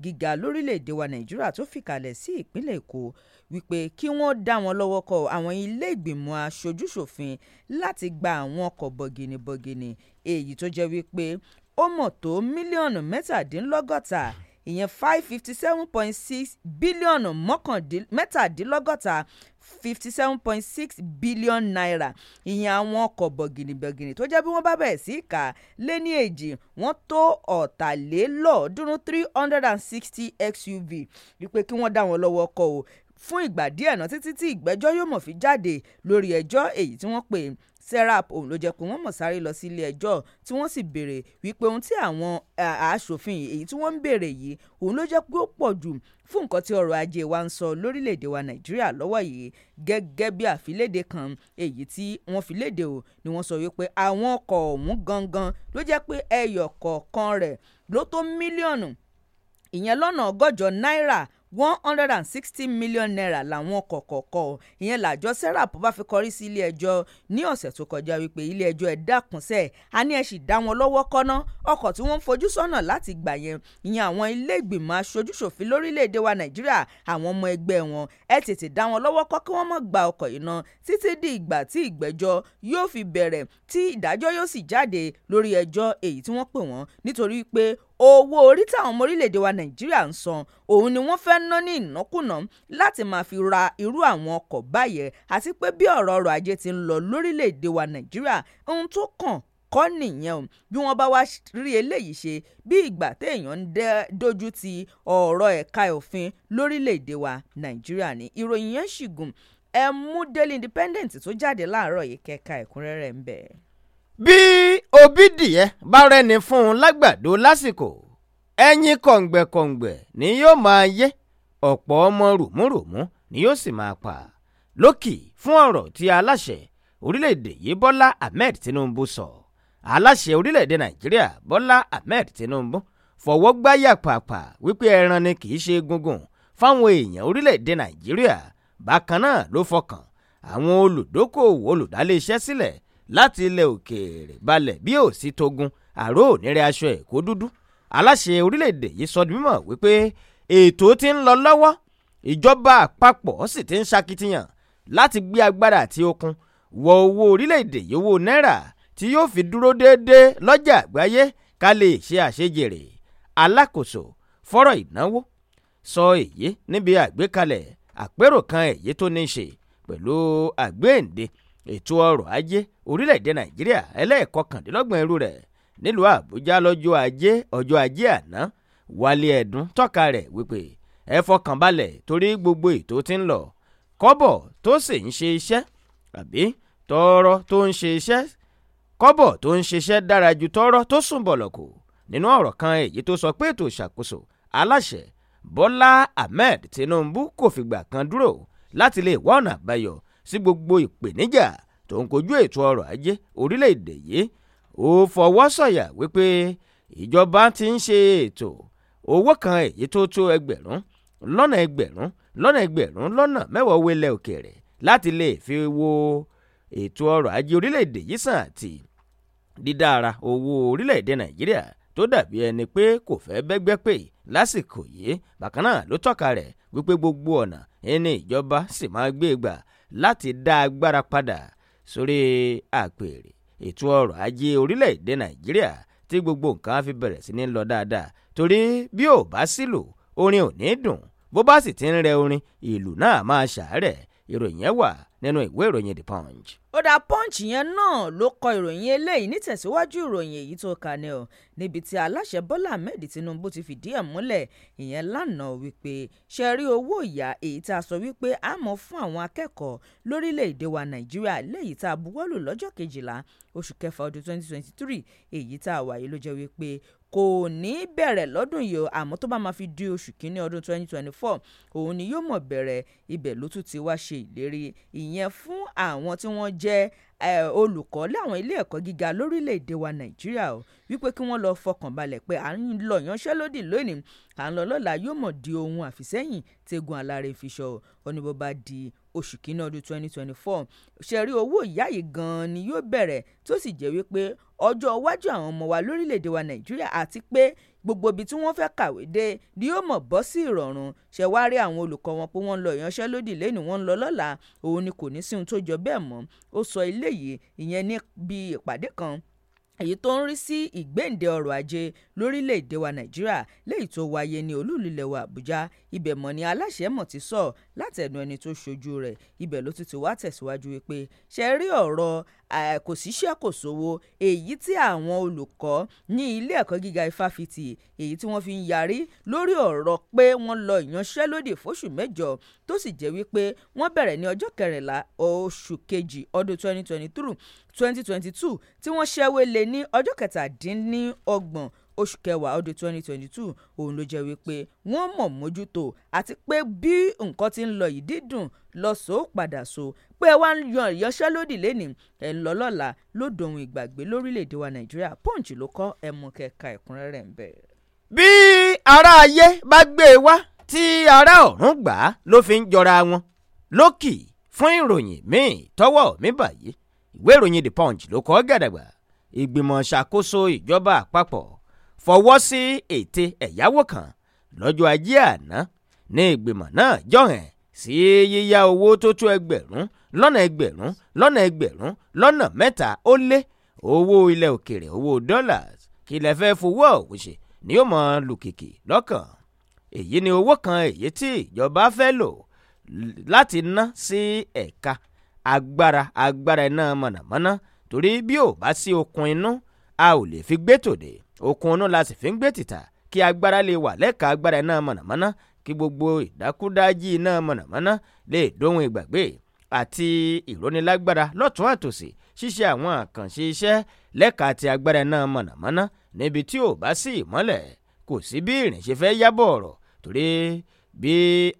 gíga lórílẹ̀‐èdè wa nàìjíríà tó fìkàlẹ̀ sí ìpínlẹ̀ èkó wípé kí wọ́n dá wọn lọ́wọ́ kọ àwọn ilé ìgbìmọ̀ aṣojúṣòfin láti gba àwọn ọkọ̀ bọ̀gìnìbọ̀gìnì èyí tó jẹ́ wípé ó mọ̀ tó mílíọ̀nù mẹ́tàdínlọ́gọ́ta ìyẹn five fifty seven point six bílíọ̀nù mẹ́tàdínlọ́gọ́ta fifty seven point six billion naira ìyẹn àwọn ọkọ̀ bọ̀gìnìbọ̀gìnì tó jẹ́ bí wọ́n bá bẹ̀rẹ̀ sí kà á lé ní èjì wọ́n tó ọ̀tàlélọ́ọ̀ọ́dúnrún three hundred and sixty xuv wípé kí wọ́n dá wọn lọ́wọ́ ọkọ̀ o fún ìgbà díẹ̀ náà títí tí ìgbẹ́jọ́ yóò mọ̀ fi jáde lórí ẹjọ́ èyí tí wọ́n pè serap ọ̀hún ló jẹ́ pé wọ́n mọ̀ sáré lọ sí ilé ẹjọ́ tí wọ́n sì béèrè wípé ohun tí àwọn aṣòfin èyí tí wọ́n ń béèrè yìí òun ló jẹ́ pé ó pọ̀ jù fún nǹkan tí ọrọ̀ ajé wa ń sọ lórílẹ̀‐èdè wa nàìjíríà lọ́wọ́ yìí gẹ́gẹ́ bí àfilédè kan èyí tí wọ́n fi léde o ni wọ́n sọ wípé àwọn ọkọ̀ ọ̀hún gangan ló jẹ́ pé ẹyọ kọ̀ọ̀kan rẹ̀ ló tó mílíọ̀nù ìyẹn lọ́nà ọgọ́jọ náírà one hundred and sixty million naira làwọn kọ̀kọ̀kọ̀ ìyẹn làjọ serap bá fi kọrí sí ilé ẹjọ́ ní ọ̀sẹ̀ tó kọjá wípé ilé ẹjọ́ ẹ̀ dákúnṣẹ́ a ní ẹ̀ sì dá wọn lọ́wọ́ kọ́ná ọkọ̀ tí wọ́n ń fojú sọ́nà láti gbà yẹn ìyẹn àwọn ilé ìgbìmọ̀ aṣojúṣòfin lórílẹ̀‐èdè wa nàìjíríà àwọn ọmọ ẹgbẹ́ wọn ẹ tètè dá wọn lọ́wọ́ kọ́ kí wọ́n mọ̀ gba ọkọ̀ yìí náà títí di ìgbà tí ìgbẹ́jọ́ yóò fi bẹ̀rẹ̀ tí ìdájọ́ yóò sì jáde lórí ẹjọ́ èyí tí wọ́n pè wọ́n nítorí pé owó orí táwọn ọmọ orílẹ̀-èdè wa nàìjíríà ń san òun ni wọ́n fẹ́ẹ́ ná ní ìnákùná láti máa fi ra irú àwọn ọkọ̀ báyẹn àti pé bí ọ̀rọ̀ ọrọ̀ ajé ti ń lọ lórílẹ̀-èdè wa nàìjíríà ohun tó kàn kọ́ nìyẹn o bí wọ́n bá wá rí eléyìí ṣe bí ìgbà téèyàn ń dojú ti ọ̀rọ̀ ẹ̀ka òfin lórílẹ̀‐èdè wa nàìjíríà ni ìròyìn yẹn ṣì gùn ẹ mú daily independent tó jáde láàárọ̀ yìí kẹ́ka ẹ̀kúnrẹ́rẹ́ ń bẹ̀ bí òbídìẹ bá rẹni fún un lágbàdo lásìkò ẹyin kọ̀ǹgbẹ̀kọ̀ǹgbẹ̀ ni yóò máa yé ọ̀pọ̀ ọmọ rùmúrùmú ni yóò sì máa pa lókì fún ọ̀rọ̀ tí aláṣẹ orílẹ̀-èdè yìí bọ́lá ahmed tinubu sọ aláṣẹ orílẹ̀-èdè nàìjíríà bọ́lá ahmed tinubu fọwọ́ gbáyà pàpà wípé ẹran ni kì í ṣe egungun fáwọn èèyàn orílẹ̀-èdè nàìjíríà bákan náà ló fọkàn àwọn olùdókòwò olùdálé iṣẹ́ sílẹ̀ láti ilẹ̀ òkèèrè balẹ̀ bí ò sí togun àrò ònírẹ́ aṣọ ẹ̀kọ́ dúdú aláṣẹ orílẹ̀-èdè yìí sọ mímọ̀ wípé ètò ti ń lọ lọ́wọ́ ìjọba àpapọ̀ sì ti ń ṣakitiyan láti gbé agbára àti okun wọ owó orílẹ̀-èdè yìí owó náírà tí yóò fi dúró déédéé lọ́jà àgbáyé ká lè ṣe àṣejèrè alákòóso fọ́rọ̀ ìnáwó sọ èyí níbi àgbékalẹ̀ àpérò kan èyí tó ní ṣe pẹ̀lú àgbéǹde ètò ọrọ̀ ajé orílẹ̀-èdè nàìjíríà ẹlẹ́ẹ̀kọkàndínlọ́gbọ̀n irú rẹ̀ nílùú àbújá lọ́jọ́ ajé ọjọ́ ajé àná wálé ẹ̀dùn tọ́ka rẹ̀ wípé ẹ fọkàn balẹ̀ torí gbogbo ètò ti ń lọ kọ́bọ̀ tó sì ń ṣe iṣẹ́ àbí tọrọ tó ń ṣe iṣẹ́ kọ́bọ̀ tó ń ṣiṣẹ́ dára ju tọrọ tó sùn bọ̀lọ̀kù nínú ọ̀rọ̀ kan èyí tó sọ pé ètò ìṣàkóso aláṣẹ Bọ́lá Ahmed Tinubu kò fìgbà kan dúró láti lè wá ọ̀nà àbáyọ sí gbogbo ìpèníjà tó ń kojú ètò ọrọ̀ ajé orílẹ̀-èdè yìí ó fọwọ́ sọ̀yà wípé ìjọba ti ń ṣe ètò owó kan èyí tó tó ẹgbẹ̀rún lọ́nà ẹgbẹ̀rún lọ́nà ẹgbẹ̀rún lọ́nà mẹ́wàá owó ilẹ̀ òkèèrè láti lè fi wo ètò ọrọ̀ ajé orílẹ̀-èdè yìí sàn àti dídára owó orílẹ̀-èdè nàìjíríà tó dàbí ẹni pé kò fẹ́ bẹ́gbẹ́ pè lásìkò yìí bákan náà ló tọ́ka rẹ̀ wípé gbogbo ọ̀nà ẹni ìjọba sì máa gbé gbà láti dá agbára padà sórí àpèrè ètò ọrọ̀ ajé orílẹ̀-èdè nàìjíríà tí gbogbo nǹkan fi bẹ̀rẹ̀ sí ní lọ dáadáa torí bí ò bá sílù orin ò ní dùn bó bá sì ti ń rẹ orin ìlú náà máa ṣàárẹ̀ ìròyìn yẹn wà nínú ìwé ìròyìn the punch. ó dá punch yẹn náà ló kọ ìròyìn eléyìí nítẹ̀síwájú ìròyìn èyí tó kà ní ọ níbi tí aláṣẹ bọ́lá ahmed tinubu ti fìdí ẹ̀ múlẹ̀ ìyẹn lánàá wípé ṣe rí owó ìyá èyí tá a sọ wípé a mọ̀ fún àwọn akẹ́kọ̀ọ́ lórílẹ̀‐èdè wa nàìjíríà léyìí tá a buwọ́lù lọ́jọ́ kejìlá oṣù kẹfà ọdún 2023 èyí tá a wáyé ló jẹ́ wípé kò ní bẹ̀rẹ̀ lọ́dún yìí o àmọ́ tó bá máa fi di oṣù kínní ọdún 2024 òun ni yóò mọ̀ bẹ̀rẹ̀ ibẹ̀ ló tún ti wá ṣe ìlérí ìyẹn fún àwọn tí wọ́n jẹ́ olùkọ́ láwọn ilé ẹ̀kọ́ gíga lórílẹ̀‐èdè wa nàìjíríà o wípé kí wọ́n lọ fọkàn balẹ̀ pé à ń lọ ìyanṣẹ́lódì lónìí à ń lọ lọ́la yóò mọ̀ di ohun àfisẹ́yìn tẹ́gun aláre fi ṣọ ọ ní bó bá di oṣù kínní ọdún 2024 ṣẹ̀rí owó ìyá yìí gan-an ni yóò bẹ̀rẹ̀ tó sì jẹ́ wípé ọjọ́ iwájú àwọn ọmọ wa lórílẹ̀‐èdè wa nàìjíríà àti pé gbogbo ibi tí wọ́n fẹ́ kàwé dé ni yóò mọ̀ bọ́ sí ìrọ̀rùn ṣe wá rí àwọn olùkọ́ wọn pé wọ́n ń lọ ìyanṣẹ́lódì lẹ́nu wọ́n ń lọ lọ́la òun ni kò ní sí ohun tó jọ bẹ́ẹ̀ mọ́ ó sọ eléyìí ìyẹn ní bíi ìpàdé kan èyí tó ń rí sí ìgbéǹde ọrọ̀ ajé lórílẹ̀‐èdè wa nàìjíríà léyìí tó wáyé ní olúlulẹ̀ wa àbújá ibẹ̀ mọ̀ ni aláṣẹ mọ̀ ti sọ látẹ̀nu ẹni tó ṣojú rẹ̀ ibẹ̀ ló tún ti wá tẹ̀síwájú wípé ṣe rí ọ̀rọ̀ kò síṣẹ́ kò sówó èyí tí àwọn olùkọ́ ní ilé ẹ̀kọ́ gíga ifáfitì èyí tí wọ́n fi ń yarí lórí ọ̀rọ̀ pé wọ́n lọ ìyanṣẹ́lódì fóṣù mẹ́jọ tó sì jẹ́ wípé wọ́n bẹ̀rẹ̀ ní ọjọ́ kẹrìnlá oṣù kejì ọdún twenty twenty three twenty twenty two tí wọ́n ṣẹ́wélé ní ọjọ́ kẹtàdínlọ́gbọ̀n oṣù kẹwàá ọdún twenty twenty two òun ló jẹ́ wípé wọ́n mọ̀ mójútó àti pé bí nǹkan ti ń lọ yìí dídùn lọ sóò padà so pé wá ń yan ìyanṣẹ́lódì lẹ́nìí ẹ̀ ń lọ lọ́la ló ìgbàgbé lórílẹ̀‐èdè wa nàìjíríà punch ló kọ́ ẹ̀mú kẹka ẹ̀kúnrẹ́rẹ́ ń bẹ̀. bí ará ayé bá gbé e wá tí ará ọ̀run gbà á ló fi ń jọra wọn lókì fún ìròyìn míì tọ́wọ́ mi báyìí ìwé ìròyìn the punch ló kọ gàdàgbà ìgbìmọ̀ ṣàkóso ìjọba àpapọ̀ fọwọ́ sí ète ẹ̀yáwó kan lọ́jọ́ ajé àná ní ìgbìmọ̀ náà jọ̀hẹ̀ sí yíyá owó tó tó ẹgbẹ̀rún lọ́nà ẹgbẹ̀rún lọ́nà ẹgbẹ̀rún lọ́nà mẹ́ta ó lé owó ilẹ̀ òkèrè owó dollars kí lẹ fẹ́ fowó ọ̀hún ṣe ni yóò mọ lùkìkì lọ́kàn èyí ni owó kan èyí tí ìjọba fẹ́ lò láti ná sí ẹ̀ka agbára agbára iná mọ̀nàmọ́ná torí bí ò bá sí okun inú a ò lè fi gbé tòde okun inú la sì fi ń gbé tìta kí agbára lè wà lẹ́ka agbára iná mọ̀nàmọ́ná kí gbogbo ìdákúdájí iná mọ̀nàmọ́ná lè dóhun ìgbàgbé àti ìrónilágbára lọ́tún àtòsí ṣíṣe àwọn àkànṣe iṣẹ́ lẹ́ka ti agbára iná mọ̀nàmọ́ná níbi tí ò bá sí ìmọ́lẹ̀ kò sí bí ìrìn ṣe yábọ̀ ọ̀rọ̀ torí bí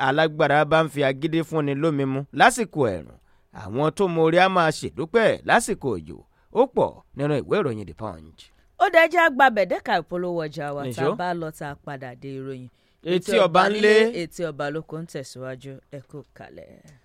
alágbára bá ń fi agídí fúnni lómi mu lásìkò ẹ̀rùn àwọn tó mórí á máa ṣèdúpẹ́ lásìkò òjò ó pọ̀ nínú ìwé ìròyìn the punch. ó dẹjẹ́ àgbà bẹ̀dẹ́ka ìpolówó ọjà wa tá a bá lọ tá padà dé ìròyìn. etí ọba ń lé etí ọba lóko ń tẹ̀síwájú ẹ kalẹ̀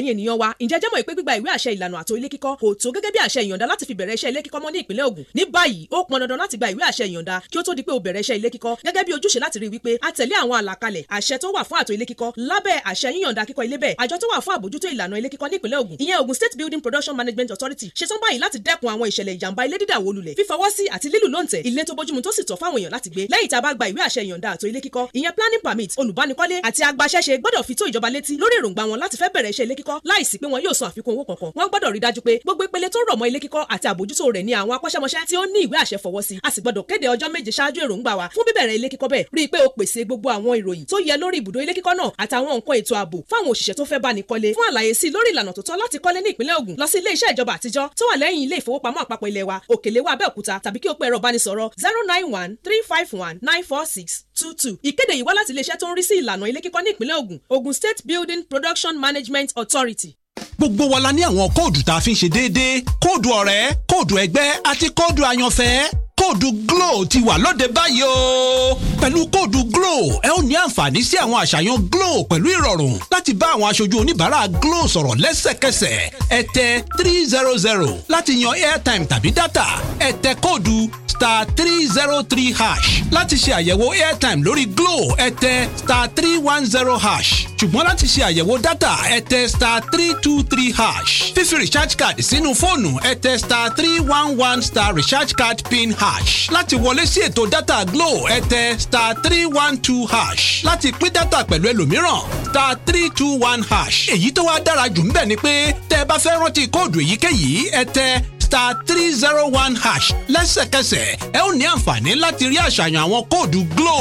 ẹ̀yin ènìyàn wa ǹjẹ́ jẹ́ mọ̀ pé gbígba ìwé àṣẹ ìlànà àtò ilé kíkọ́ kò tó gẹ́gẹ́ bí àṣẹ ìyọ̀ǹda láti fi bẹ̀rẹ̀ iṣẹ́ ilé kíkọ́ mọ́ ní ìpínlẹ̀ Ògùn ní báyìí ó pọn dandan láti gba ìwé àṣẹ ìyọ̀ǹda kí ó tó di pé o bẹ̀rẹ̀ iṣẹ́ ilé kíkọ́ gẹ́gẹ́ bí ojúṣe láti rí wípé a tẹ̀lé àwọn àlàkalẹ̀ àṣẹ tó wà fún àtò ilé kíkọ́ lábẹ́ àṣẹ yíyọ̀ǹda kíkọ́ ilé bẹ́ẹ̀ àjọ tó wà fún àbójútó ìlànà ilé kíkọ́ ní ìpínlẹ̀ Ògùn ìyẹn Ògùn State Building Production Management Authority ṣe tán báyìí láti dẹ́kun àwọn ìṣẹ̀lẹ̀ ìjàmbá ilé dídà wó lulẹ̀ fífọwọ́ sí àti lílù lóǹtẹ̀ ilé tó bójúmu tó sì tọ́ fáwọn èèyàn láti gbé lẹ́yìn tá a bá gba ìwé àṣẹ ìyọ̀ǹda àtò ilé kíkọ́ ìyẹn planning permit olùbánikọ́lé àti agbaṣẹ́ṣe gbọ́dọ̀ fi tó ìjọba létí lórí èròǹgbà wọn láti fẹ́ bẹ̀rẹ̀ iṣẹ́ ilé kík kíkọ́ láìsí pé wọn yóò san àfikún owó kankan wọ́n gbọ́dọ̀ rí dájú pé gbogbo ìpele tó rọ̀ mọ́ ilé kíkọ́ àti àbójútó rẹ̀ ni àwọn akọ́ṣẹ́mọṣẹ́ tí ó ní ìwé àṣẹ fọwọ́ sí a sì gbọ́dọ̀ kéde ọjọ́ méje ṣáájú èròǹgbà wa fún bíbẹ̀rẹ̀ ilé kíkọ́ bẹ́ẹ̀ rí i pé o pèsè gbogbo àwọn ìròyìn tó yẹ lórí ibùdó ilé kíkọ́ náà àtàwọn nǹkan ètò ààbò fáwọn òṣìṣẹ́ tó fẹ́ bá ní kọ́lé fún àlàyé sí lórí ìlànà tó tọ́ láti kọ́lé ní ìpínlẹ̀ Ògùn lọ sí ilé iṣẹ́ ìjọba àtijọ́ tó wà lẹ́yìn ilé ìfowópamọ́ àpapọ̀ ilé wa Òkèlèwé Abẹ́òkúta tàbí kí o pe ẹ̀rọ ìbánisọ̀rọ̀ zero nine one three five one nine four six two two. ìkéde yìí wá láti iléeṣẹ́ tó ń rí sí ìlànà ilé kíkọ́ ní ìpínlẹ̀ Ògùn Ògùn State Building Production Management Authority gbogbo wa la ní àwọn kóòdù tá a fi ń ṣe déédéé kóòdù ọ̀rẹ́ kóòdù ẹgbẹ́ àti kóòdù àyànfẹ́ kóòdù glow ti wà lóde báyìí o. pẹ̀lú kóòdù glow ẹ ó ní àǹfààní sí àwọn àṣàyàn glo pẹ̀lú ìrọ̀rùn láti bá àwọn aṣojú oníbàárà glo sọ̀rọ̀ lẹ́sẹ̀kẹsẹ̀ ẹ tẹ three zero zero láti yan airtime tàbí data ẹ tẹ kóòdù star three zero three hash láti ṣe àyẹ̀wò airtime lórí glow ẹ star three one zero hash ṣùgbọ́n láti ṣe àyẹ̀wò data ẹ star three two three hash fífi recharge card sínú fóònù ẹ star three one one star recharge card pin hash hash láti wọlé sí ètò dátà Glo ẹ star three one two hash láti pín data pẹ̀lú ẹlòmíràn star three two one hash èyí tó wá dára jù ń bẹ̀ ni pé tẹ́ ẹ bá fẹ́ rántí kóòdù èyíkéyìí ẹ star three zero one hash lẹ́sẹ̀kẹsẹ̀ ẹ ó ní àǹfààní láti rí àṣàyàn àwọn kóòdù Glo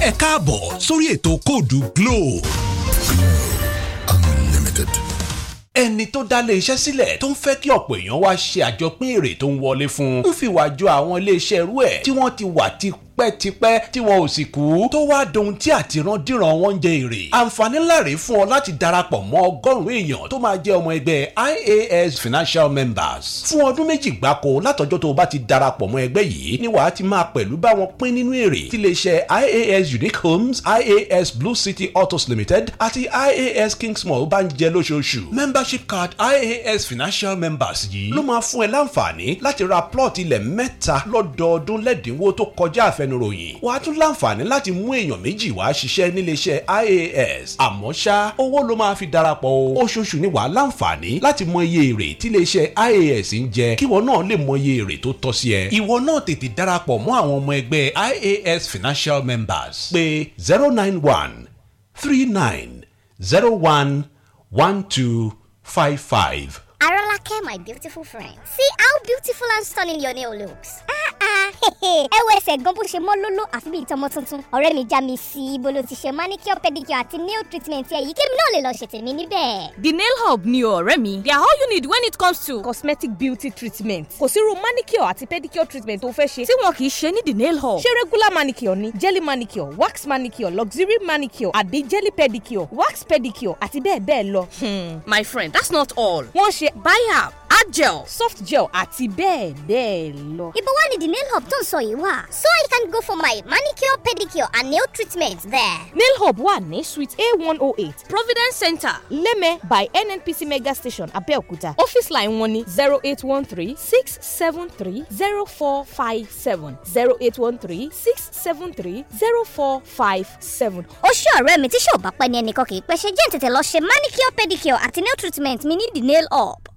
ẹ káàbọ̀ sórí ètò kóòdù Glo. Glo ẹni tó dá lé iṣẹ́ sílẹ̀ tó ń fẹ́ kí ọ̀pọ̀ èèyàn wá ṣe àjọpín èrè tó ń wọlé fún un ń fìwà jọ àwọn ilé irú ẹ̀ tí wọ́n ti wà ti tipẹ́tipẹ́ tí wọn ò sì kú tó wá dohun tí àtìrandíran wọn ń jẹ èrè. àǹfààní ńlá rèé fún ọ láti darapọ̀ mọ́ ọgọ́rùn-ún èèyàn tó máa jẹ́ ọmọ ẹgbẹ́ IAS financial members. fún ọdún méjì gbáko látọjọ́ tó o bá ti darapọ̀ mọ́ ẹgbẹ́ yìí ni wàá ti máa pẹ̀lú bá wọn pín nínú èrè tiléeṣẹ́ IAS Unique Homes IAS Blue City Autos Limited àti IAS Kingsmall bá ń jẹ lóṣooṣù. membership card IAS financial members yìí ló máa fún ẹ láǹfààní láti ra plọ̀t ilẹ̀ mẹ́ta lọ́dọọdún lẹ́dínwó tó kọjá àfẹn afẹnuròyìn wàá tún láǹfààní láti mú èèyàn méjì wá ṣiṣẹ́ níléeṣẹ́ ias àmọ́ ṣá owó ló máa fi darapọ̀ o oṣooṣù ni wàá láǹfààní láti mọ iye èrè tíléeṣẹ́ ias ń jẹ kí wọn náà lè mọ iye èrè tó tọ́ sí ẹ ìwọ náà tètè darapọ̀ mọ́ àwọn ọmọ ẹgbẹ́ ias financial members pé zero nine one three nine zero one one two five five. Arolake, my beautiful friend. See how beautiful and stunning your nail looks. Ah, ẹ wo ẹsẹ̀ gan bó ṣe mọ́ lóló àfi bíi tọmọ tuntun ọ̀rẹ́ mi já mi sí i ló ti ṣe manicure pedicure àti nail treatment ẹ̀ yìí kébì náà lè lọ ṣètè mi níbẹ̀. the nail hub ni ọ̀rẹ́ mi they are all you need when it comes to cosmetic beauty treatment kò sírú manicure àti pedicure treatment tó fẹ́ ṣe tí wọn kì í ṣe ní the nail hub ṣé regular manicure ni jelly manicure wax manicure luxury manicure àbí jelly pedicure wax pedicure àti bẹ́ẹ̀ bẹ́ẹ̀ lọ. Hmm, my friend that's not all wọ́n ṣe buy app hard gel soft gel àti bẹ́ẹ̀ bẹ́ẹ̀ lọ. ibo wá ni the nail hub tó ń sọ yìí wà so I can go for my manicure pedicure and nail treatment there. nail hub wà ní suite A one oh eight Providence Center Leme by NNPC mega station Abeokuta office line wọn ni zero eight one three six seven three zero four five seven zero eight one three six seven three zero four five seven. ó ṣe ọ̀rẹ́ mi tí ṣé ò bá pẹ́ ní ẹnìkan kì í pẹ́ ṣe jẹ́ ń tètè lọ ṣe manicure pedicure àti nail treatment mi ní the nail up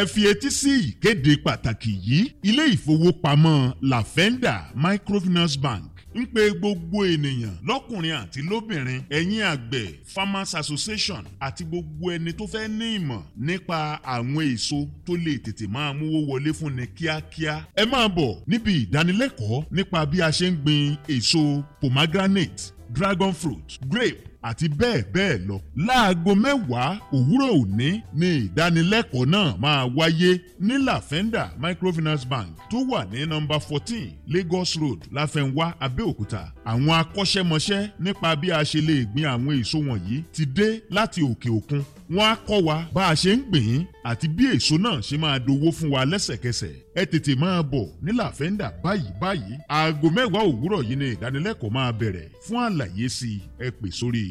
ẹ fi etí sí ìkéde pàtàkì yìí ilé ìfowópamọ́ lavenda microfinance bank ń pe gbogbo ènìyàn lọ́kùnrin àti lóbìnrin ẹ̀yin àgbẹ̀ farmers association àti gbogbo ẹni tó fẹ́ ní ìmọ̀ nípa àwọn èso tó lè tètè máa múwó wọlé fún ni kíákíá. ẹ máa bọ̀ níbi ìdánilẹ́kọ̀ọ́ nípa bí a ṣe ń gbin èso pomegranate dragon fruit grape àti bẹ́ẹ̀ bẹ́ẹ̀ lọ. láago mẹ́wàá òwúrọ̀ òní ni ìdánilẹ́kọ̀ọ́ náà máa wáyé ní lafenda microfinance bank tó wà ní nọ́mbà fourteen lagos road láfẹnwá abẹ́òkúta. àwọn akọ́ṣẹ́mọṣẹ́ nípa bí a ṣe lè gbin àwọn èso wọ̀nyí ti dé láti òkè òkun wọ́n á kọ́ wa bá a ṣe ń gbìn àti bí èso náà ṣe máa dowó fún wa lẹ́sẹ̀kẹsẹ̀ ẹ tètè máa bọ̀ ní làfẹ́ndà báyìí báyìí aago mẹ́wàá òwúrọ̀ yìí ni ìdánilẹ́kọ̀ọ́ máa bẹ̀rẹ̀ fún àlàyé sí i ẹ pè sórí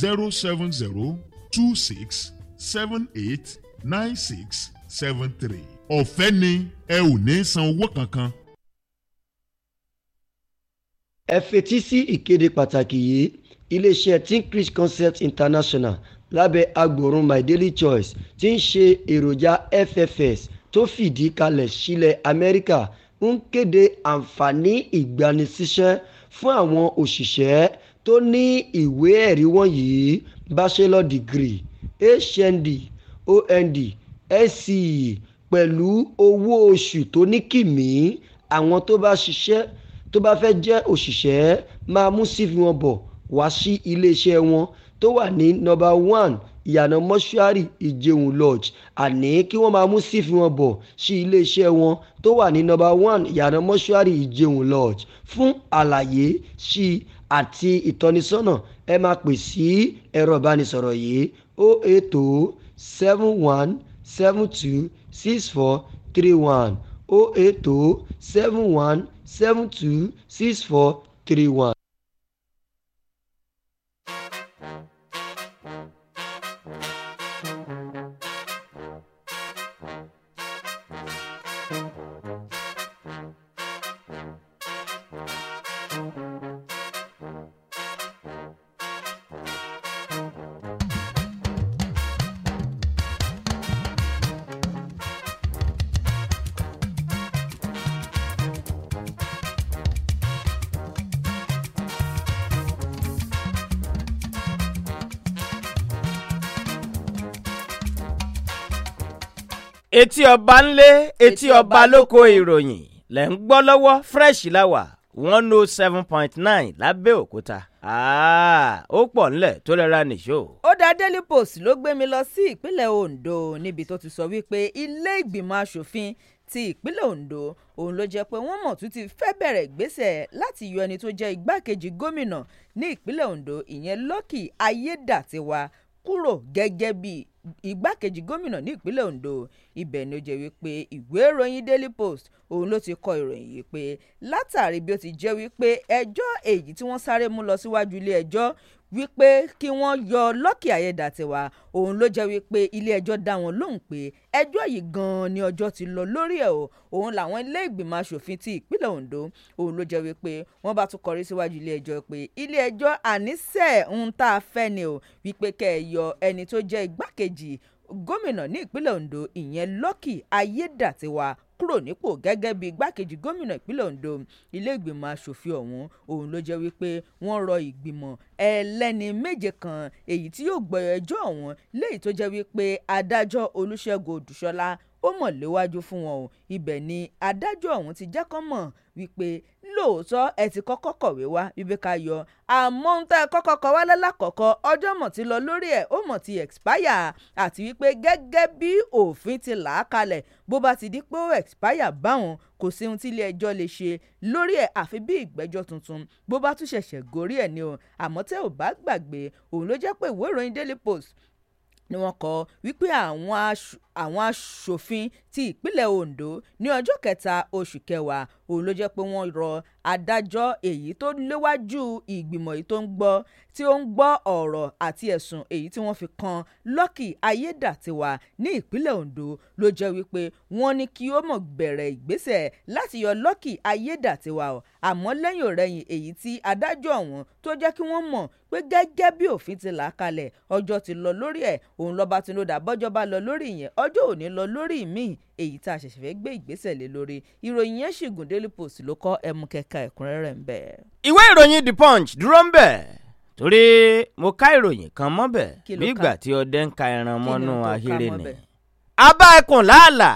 zero seven zero two six seven eight nine six seven three ọ̀fẹ́ ni ẹ ò ní san owó kankan ẹ fetí sí ìkéde pàtàkì yìí iléeṣẹ́ think rich concept international lábẹ́ agbòrun my daily choice tí ń ṣe èròjà ffs tó fìdí kalẹ̀ sílẹ̀ amẹ́ríkà ń kéde àǹfààní ìgbanisíṣẹ́ fún àwọn òṣìṣẹ́ tó ní ìwé ẹ̀rí wọ̀nyí bachelor degree hnd ond sce pẹ̀lú owó oṣù tó ní kìmí àwọn tó bá ṣiṣẹ́ tó bá fẹ́ jẹ́ òṣìṣẹ́ máa mú cv wọn bọ̀ wá sí iléeṣẹ́ wọn tó wà ní nọ́mbà one ìyànà mọ́ṣúárì ìjẹun lodge àní kí wọ́n máa mú sífì wọn bọ̀ sí iléeṣẹ́ wọn tó wà ní nọ́mbà one ìyànà mọ́ṣúárì ìjẹun lodge fún àlàyé sí àti ìtọ́nisọ́nà ẹ máa pè sí ẹ̀rọ ìbánisọ̀rọ̀ yìí o eight o seven one seven two six four three one o eight o seven one seven two six four three one. etí ọba ńlé etí ọba lóko ìròyìn lẹ̀ ń gbọ́ lọ́wọ́ fresh láwà one oh seven point nine lábẹ́òkúta ah, ó pọ̀ ńlẹ̀ tó rẹra nìṣó. ó dá daily post ló gbé mi lọ sí ìpínlẹ̀ Ondo níbi tó ti sọ wípé ilé ìgbìmọ̀ asòfin ti ìpínlẹ̀ Ondo òun ló jẹ́ pé wọ́n mọ̀ tún ti fẹ́ bẹ̀rẹ̀ ìgbésẹ̀ láti yọ ẹni tó jẹ́ igbákejì gómìnà ní ìpínlẹ̀ Ondo ìyẹn Lọ́kì Ayédàtiwa kúrò gẹ́gẹ́ bíi igbákejì gómìnà ní ìpínlẹ̀ ondo ibẹ̀ ni ó jẹ́ wípé ìwé ìròyìn daily post òun ló ti kọ ìròyìn yìí pé látàrí bí ó ti jẹ́ wípé ẹjọ́ èyí tí wọ́n sáré mú lọ síwájú ilé ẹjọ́ wípé kí wọ́n yọ Lucky Ayédàtiwa òun ló jẹ́ wípé ilé-ẹjọ́ dá wọn lóhùn pé ẹjọ́ yìí gan-an ni ọjọ́ ti lọ lórí ẹ̀ o òun làwọn ilé ìgbìmọ̀ asòfin ti ìpínlẹ̀ Ondo òun ló jẹ́ wípé wọ́n bá tún kọrí síwájú ilé-ẹjọ́ pé ilé-ẹjọ́ àníṣe ń tá fẹ́ ni o wípé kẹ́ ẹ yọ ẹni tó jẹ́ igbákejì gómìnà ní ìpínlẹ̀ Ondo ìyẹn Lucky Ayédàtiwa kúrò nípò gẹ́gẹ́ bí igbákejì gómìnà ìpínlẹ̀ Ondo ilé ìgbìmọ̀ asòfin ọ̀hún òun ló jẹ́ wípé wọ́n rọ ìgbìmọ̀ ẹlẹ́ni méje kan èyí tí yóò gbọ́ ẹjọ́ ọ̀hún léyìí tó jẹ́ wípé adájọ́ Olúṣẹ́gun Òdùṣọlá ó mọ̀ léwájú fún wọn o ibẹ̀ ni adájọ́ ọ̀hún ti jẹ́ mọ̀ wípé lóòótọ́ ẹ ti kọ́kọ́ kọ̀wé wá wípé ká yọ àmọ́ ohun tá ẹ kọ́kọ́ kọ wá lálákọ̀ọ́kọ́ ọjọ́ mọ̀ ti lọ lórí ẹ̀ ó mọ̀ ti expire àti wípé gẹ́gẹ́ bí òfin ti là á kalẹ̀ bó bá ti di pé ó expire báwọn kò sí ohun tí ilé ẹjọ́ lè ṣe lórí ẹ̀ àfi bí ìgbẹ́jọ́ tuntun bó bá tún ṣẹ̀ṣẹ̀ gorí ẹ̀ ni o àmọ́ tẹ́ ò bá gbàgbé òun ló jẹ́ pé ìwé ìròyìn Daily Post ni wọ́n kọ wípé àwọn àwọn aṣòfin ti ìpínlẹ̀ Ondo ní ọjọ́ kẹta oṣù kẹwàá òun ló jẹ́ pé wọ́n rọ adájọ́ èyí tó léwájú ìgbìmọ̀ èyí tó ń gbọ́ tí ó ń gbọ́ ọ̀rọ̀ àti ẹ̀sùn èyí tí wọ́n fi kan Lucky Ayédàtiwa ní ìpínlẹ̀ Ondo ló jẹ́ wípé wọ́n ní kí ó mọ̀ bẹ̀rẹ̀ ìgbésẹ̀ láti yọ Lucky Ayédàtiwa ọ̀ àmọ́ lẹ́yìn ọ̀rẹ́yìn èyí tí adájọ́ ọ̀hún tó jẹ́ kí wọ́n mọ̀ pé gẹ́gẹ́ bí òfin ti là á kalẹ̀ ọjọ́ ti lọ lórí ẹ̀ òun lọ́ba ọjọ́ òní lọ lórí mi èyí tá a ṣẹ̀ṣẹ̀ fẹ́ gbé ìgbésẹ̀ lé lórí ìròyìn yẹn ṣìgùn Daily Post ló kọ́ ẹmu kẹka ẹ̀kúnrẹ́rẹ́ ń bẹ̀. ìwé ìròyìn The Punch dúró ń bẹ̀ torí mo ká ìròyìn kan mọ́bẹ̀ bí ìgbà tí ọdẹ ń ka ẹran mọ́nú ahéré ni. abá ẹkùn láàlà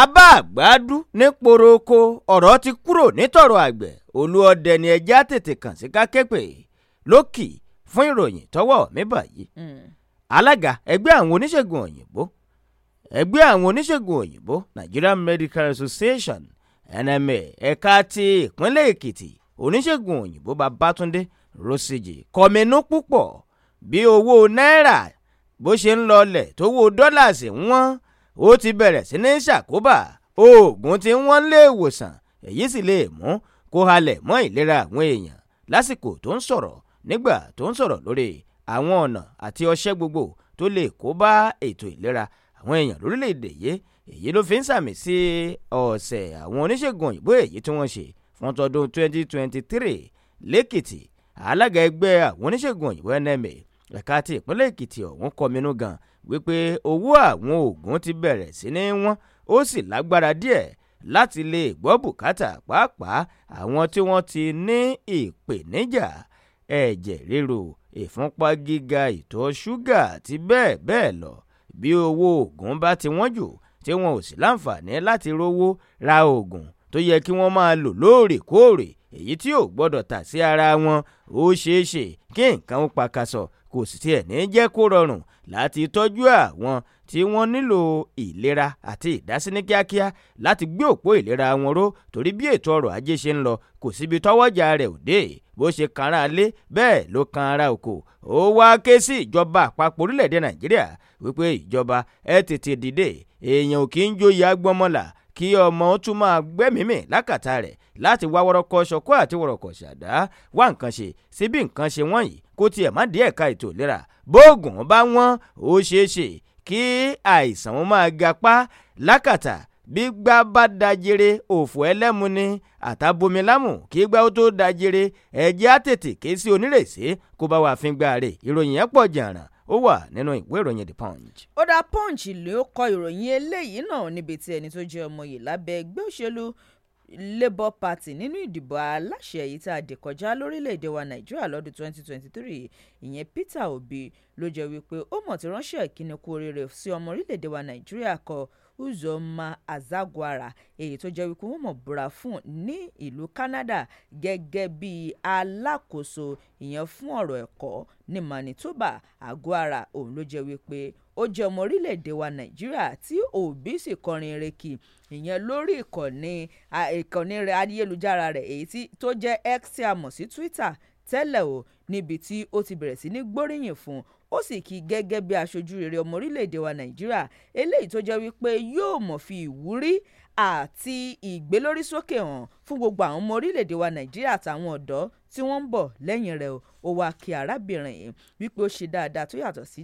abá àgbàdú ní poroko ọ̀rọ̀ ti kúrò nítọ̀rọ̀ àgbẹ̀ olú ọdẹ ni ẹja tètè kàn sí kákẹ́pẹ́ lókì fún ìròyìn tọwọ́ mi báyìí hmm. alága ẹgbẹ́ àwọn oníṣègùn òyìnbó ẹgbẹ́ àwọn oníṣègùn òyìnbó Nigeria Medical Association NMA ẹ̀ka ti ìpínlẹ̀ Èkìtì oníṣègùn òyìnbó Babátúndé Rosiji kọminú púpọ̀ bí owó náírà bó ṣe ń lọlẹ̀ tówó dọ́là sí wọ́n ó ti bẹ̀rẹ̀ sí ní ṣàkóbá oògùn tí wọ́n lé ìwòsàn èyí sì lè mú kó halẹ̀ mọ́ ìlera àwọn èèyàn lásìkò tó ń sọ̀rọ̀ nígbà tó ń sọ̀rọ̀ lórí àwọn ọ̀nà àti ọṣẹ́ gbogbo tó lè kó bá ètò ìlera àwọn èèyàn lórílẹ̀‐èdè yìí èyí ló fi ń sàmì sí ọ̀sẹ̀ àwọn oníṣègùn òyìnbó èyí tí wọ́n ṣe fún tọdún 2023 lẹ́kìtì alága ẹgbẹ́ àwọn oníṣègùn òyìnbó nma ẹ̀ka ti ìpínlẹ̀ èkìtì ọ̀hún kọminú gan wípé owó àwọn oògùn ti bẹ̀rẹ̀ sí ní wọ́n ó sì lágbára díẹ̀ láti lè gbọ́ bùkátà pàápàá àwọn tí wọ́n ti ní ìpèníjà ẹ̀jẹ̀ ríru ìfúnpá gíga ìtọ̀ ṣúgà àti bẹ́ẹ̀ bẹ́ẹ̀ lọ bí owó oògùn bá ti wọ́n jù tí wọn ò sì láǹfààní láti rówó ra oògùn tó yẹ kí wọ́n máa lò lóòrèkóòrè èyí tí ò gbọ́dọ̀ tà sí ara wọn ó ṣeé ṣe kí nǹkan ó pakasọ̀ kò sì tiẹ̀ ní jẹ́ kó rọrùn láti tọ́jú àwọn tí wọ́n nílò ìlera àti ìdásí ní kíákíá láti gbé òpó ìlera wọn ró torí bí ètò ọrọ̀ ajé ṣe ń lọ kò síbi tọ́wọ́jà rẹ̀ ò dé bó ṣe kan lé bẹ́ẹ̀ ló kan ara oko ó wá ké sí ìjọba àpapọ̀ orílẹ̀-èdè Nàìjíríà wípé ìjọba ẹ tètè dìde èèyàn ò kì í joyè agbọmọlà kí ọmọ tún máa gbẹ́mímì lákàtà rẹ̀ láti wá wọ́rọ́kọ ṣọ̀kọ́ àti wọ́rọ́kọ ṣàdá wá nǹkan ṣe sí bí nǹkan ṣe wọ́n yìí kó tiẹ̀ má dé ẹ̀ka ètò ìlera bóògùn bá wọ́n ó ṣeé ṣe kí àìsàn wọn máa gapá lákàtà gbígbá bá dajere òfò ẹlẹ́mu ni àtàbomilámù kí gbá ó tó dajere ẹ̀jẹ̀ á tètè ké sí onírèsé kó bá wàá fi gbá rè ìròyìn ẹ̀ pọ̀ jàǹràn ó wà nínú ìwé ìròyìn the punch. ó dá punch ló kọ ìròyìn eléyìí náà níbi tí ẹni tó jẹ́ ọmọ yìí lábẹ́ ẹgbẹ́ òṣèlú labour party nínú ìdìbò aláṣẹ èyí tá a dè kọjá lórílẹ̀ wa nàìjíríà lọ́dún 2023 ìyẹn peter obi ló jẹ́ wípé ó mọ̀ ti ránṣẹ́ ìkíni kú oríire sí ọmọ orílẹ̀ wa nàìjíríà kọ Uzoma Azagwara èyí tó jẹ́ wípé wọ́n mọ̀ búra fún ní ìlú Canada gẹ́gẹ́ bí alákòóso ìyẹn fún ọ̀rọ̀ ẹ̀kọ́ ní Manitoba Agwara òun ló jẹ́ wípé ó jẹ́ ọmọ orílẹ̀-èdè wa Nàìjíríà tí òbí sì kọrin reki ìyẹn lórí ìkànnì ìkànnì rẹ̀ ayélujára rẹ̀ èyí tó jẹ́ X tí a mọ̀ sí Twitter tẹ́lẹ̀ o níbi tí ó ti bẹ̀rẹ̀ sí ní gbóríyìn fún ó sì kí i gẹ́gẹ́ bí aṣojú rere ọmọ orílẹ̀-èdè wa nàìjíríà eléyìí tó jẹ́ wípé yóò mọ̀ fi ìwúrí àti ìgbélórísókè hàn fún gbogbo àwọn ọmọ orílẹ̀-èdè wa nàìjíríà àtàwọn ọ̀dọ́ tí wọ́n ń bọ̀ lẹ́yìn rẹ̀ ó wá kí arábìnrin yìí wípé ó ṣe dáadáa tó yàtọ̀ sí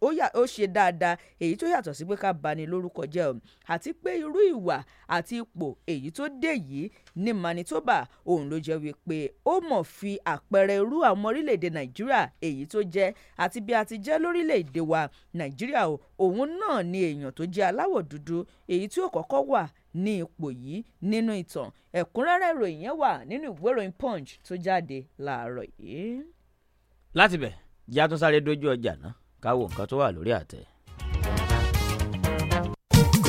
ó ṣe dáadáa èyí tó yàtọ̀ sí pé ká bani lórúkọ jẹ́ o àti pé irú ìwà àti ipò èyí tó dé yìí ní manitoba òun ló jẹ́ wípé ó mọ̀ fi àpẹẹrẹ irú àwọn orílẹ̀-èdè nàìjíríà èyí tó jẹ́ àti bí a ti jẹ́ lórílẹ̀-èdè wa nàìjíríà o òun náà ni èèyàn tó jẹ́ aláwọ̀ dúdú èyí tí ó kọ́kọ́ wà ní ipò yìí nínú ìtàn ẹ̀kúnrẹ́rẹ́ ìròyìn yẹn wà nínú ìwé ìròyìn punch tó jáde láàárọ̀ yìí. láti bẹ̀ jẹ́ àtúnṣe àrẹ dojú ọjà náà ká wo nǹkan tó wà lórí àtẹ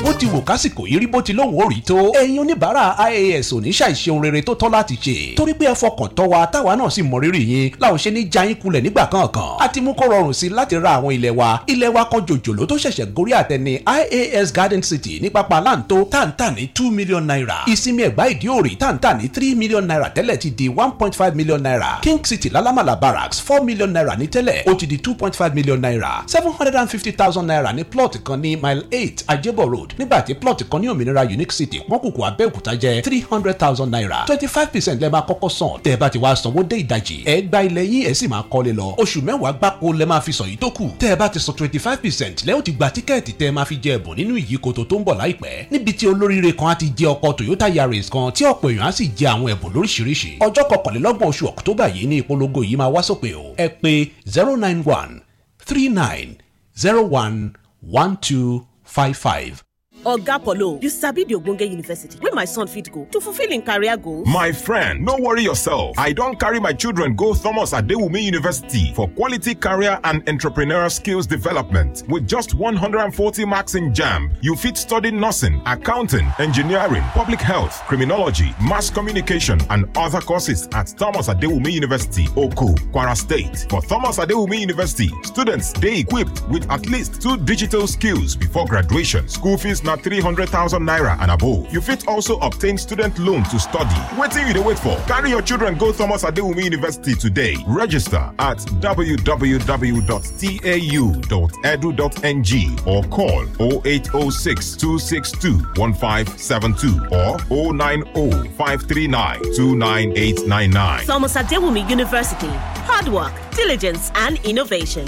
bó ti wò kásìkò yìí rí bó ti lóhùn ó rí tó ẹ̀yin oníbàárà ias ò ní ṣàìṣe ohun rere tó tọ́ láti ṣe torí pé ẹ tọ́ wa táwa náà sì mọ rírì yín láwọn ṣe ní jayín kulẹ̀ nígbà kankan a ti mú kó rọrùn sí láti ra àwọn ilẹ̀ wa ilẹ̀ wa kan jòjòló tó ṣẹ̀ṣẹ̀ gorí àtẹ ní ias garden city ní pápá láǹtó táǹtà ní two million naira ìsinmi ẹ̀gbá ìdí òrì táǹtà ní three million naira tẹ́lẹ̀ ti di one point five million naira king city lalamala barracks four million naira ní tẹ́lẹ̀ ó ti di two point five million naira seven hundred and fifty thousand naira ní plot kan ní mile eight ajebo road nígbà plot plọ̀tì kan ní òmìnira Unique City pọ́nkùkù Abẹ́òkúta jẹ́ three hundred thousand naira twenty five percent lẹ́ẹ̀ máa kọ́kọ́ san tẹ́ ẹ bá ti wá sanwó dé ìdajì ẹ gba ilẹ̀ yín ẹ sì máa kọ́lé lọ oṣù mẹ́wàá gbáko lẹ́ẹ̀ máa fi sàn yìí tó kù tẹ́ bá ti san twenty five percent lẹ́ẹ̀ ó ti gba tíkẹ́ẹ̀tì tẹ́ ẹ máa fi jẹ ẹ̀bùn nínú ìyíkoto tó ń bọ̀ láìpẹ́ níbi tí olóríire kan á ti jẹ ọkọ̀ Toyota Yaris kan tí ọ̀pọ̀ èèyàn á sì jẹ àwọn ẹ̀bùn lóríṣiríṣi ọjọ́ kọkànlélọ́gbọ̀n oṣù October yìí ni ìpolongo yìí máa wá sópè o ẹ pè zero nine one three nine zero one one two five five oga polo you sabi di ogbonge university Where my son fit go to fulfill in career goals. my friend no worry yourself i don't carry my children go thomas adewumi university for quality career and entrepreneurial skills development with just 140 marks in jamb you fit study nursing accounting engineering public health criminology mass communication and other courses at thomas adewumi university Oku, kwara state for thomas adewumi university students stay equipped with at least two digital skills before graduation school fees now. 300,000 naira and above. You fit also obtain student loan to study. Waiting you to wait for. Carry your children go Thomas Adewumi University today. Register at www.tau.edu.ng or call 0806 262 1572 or 090 539 Thomas Adewumi University. Hard work, diligence, and innovation.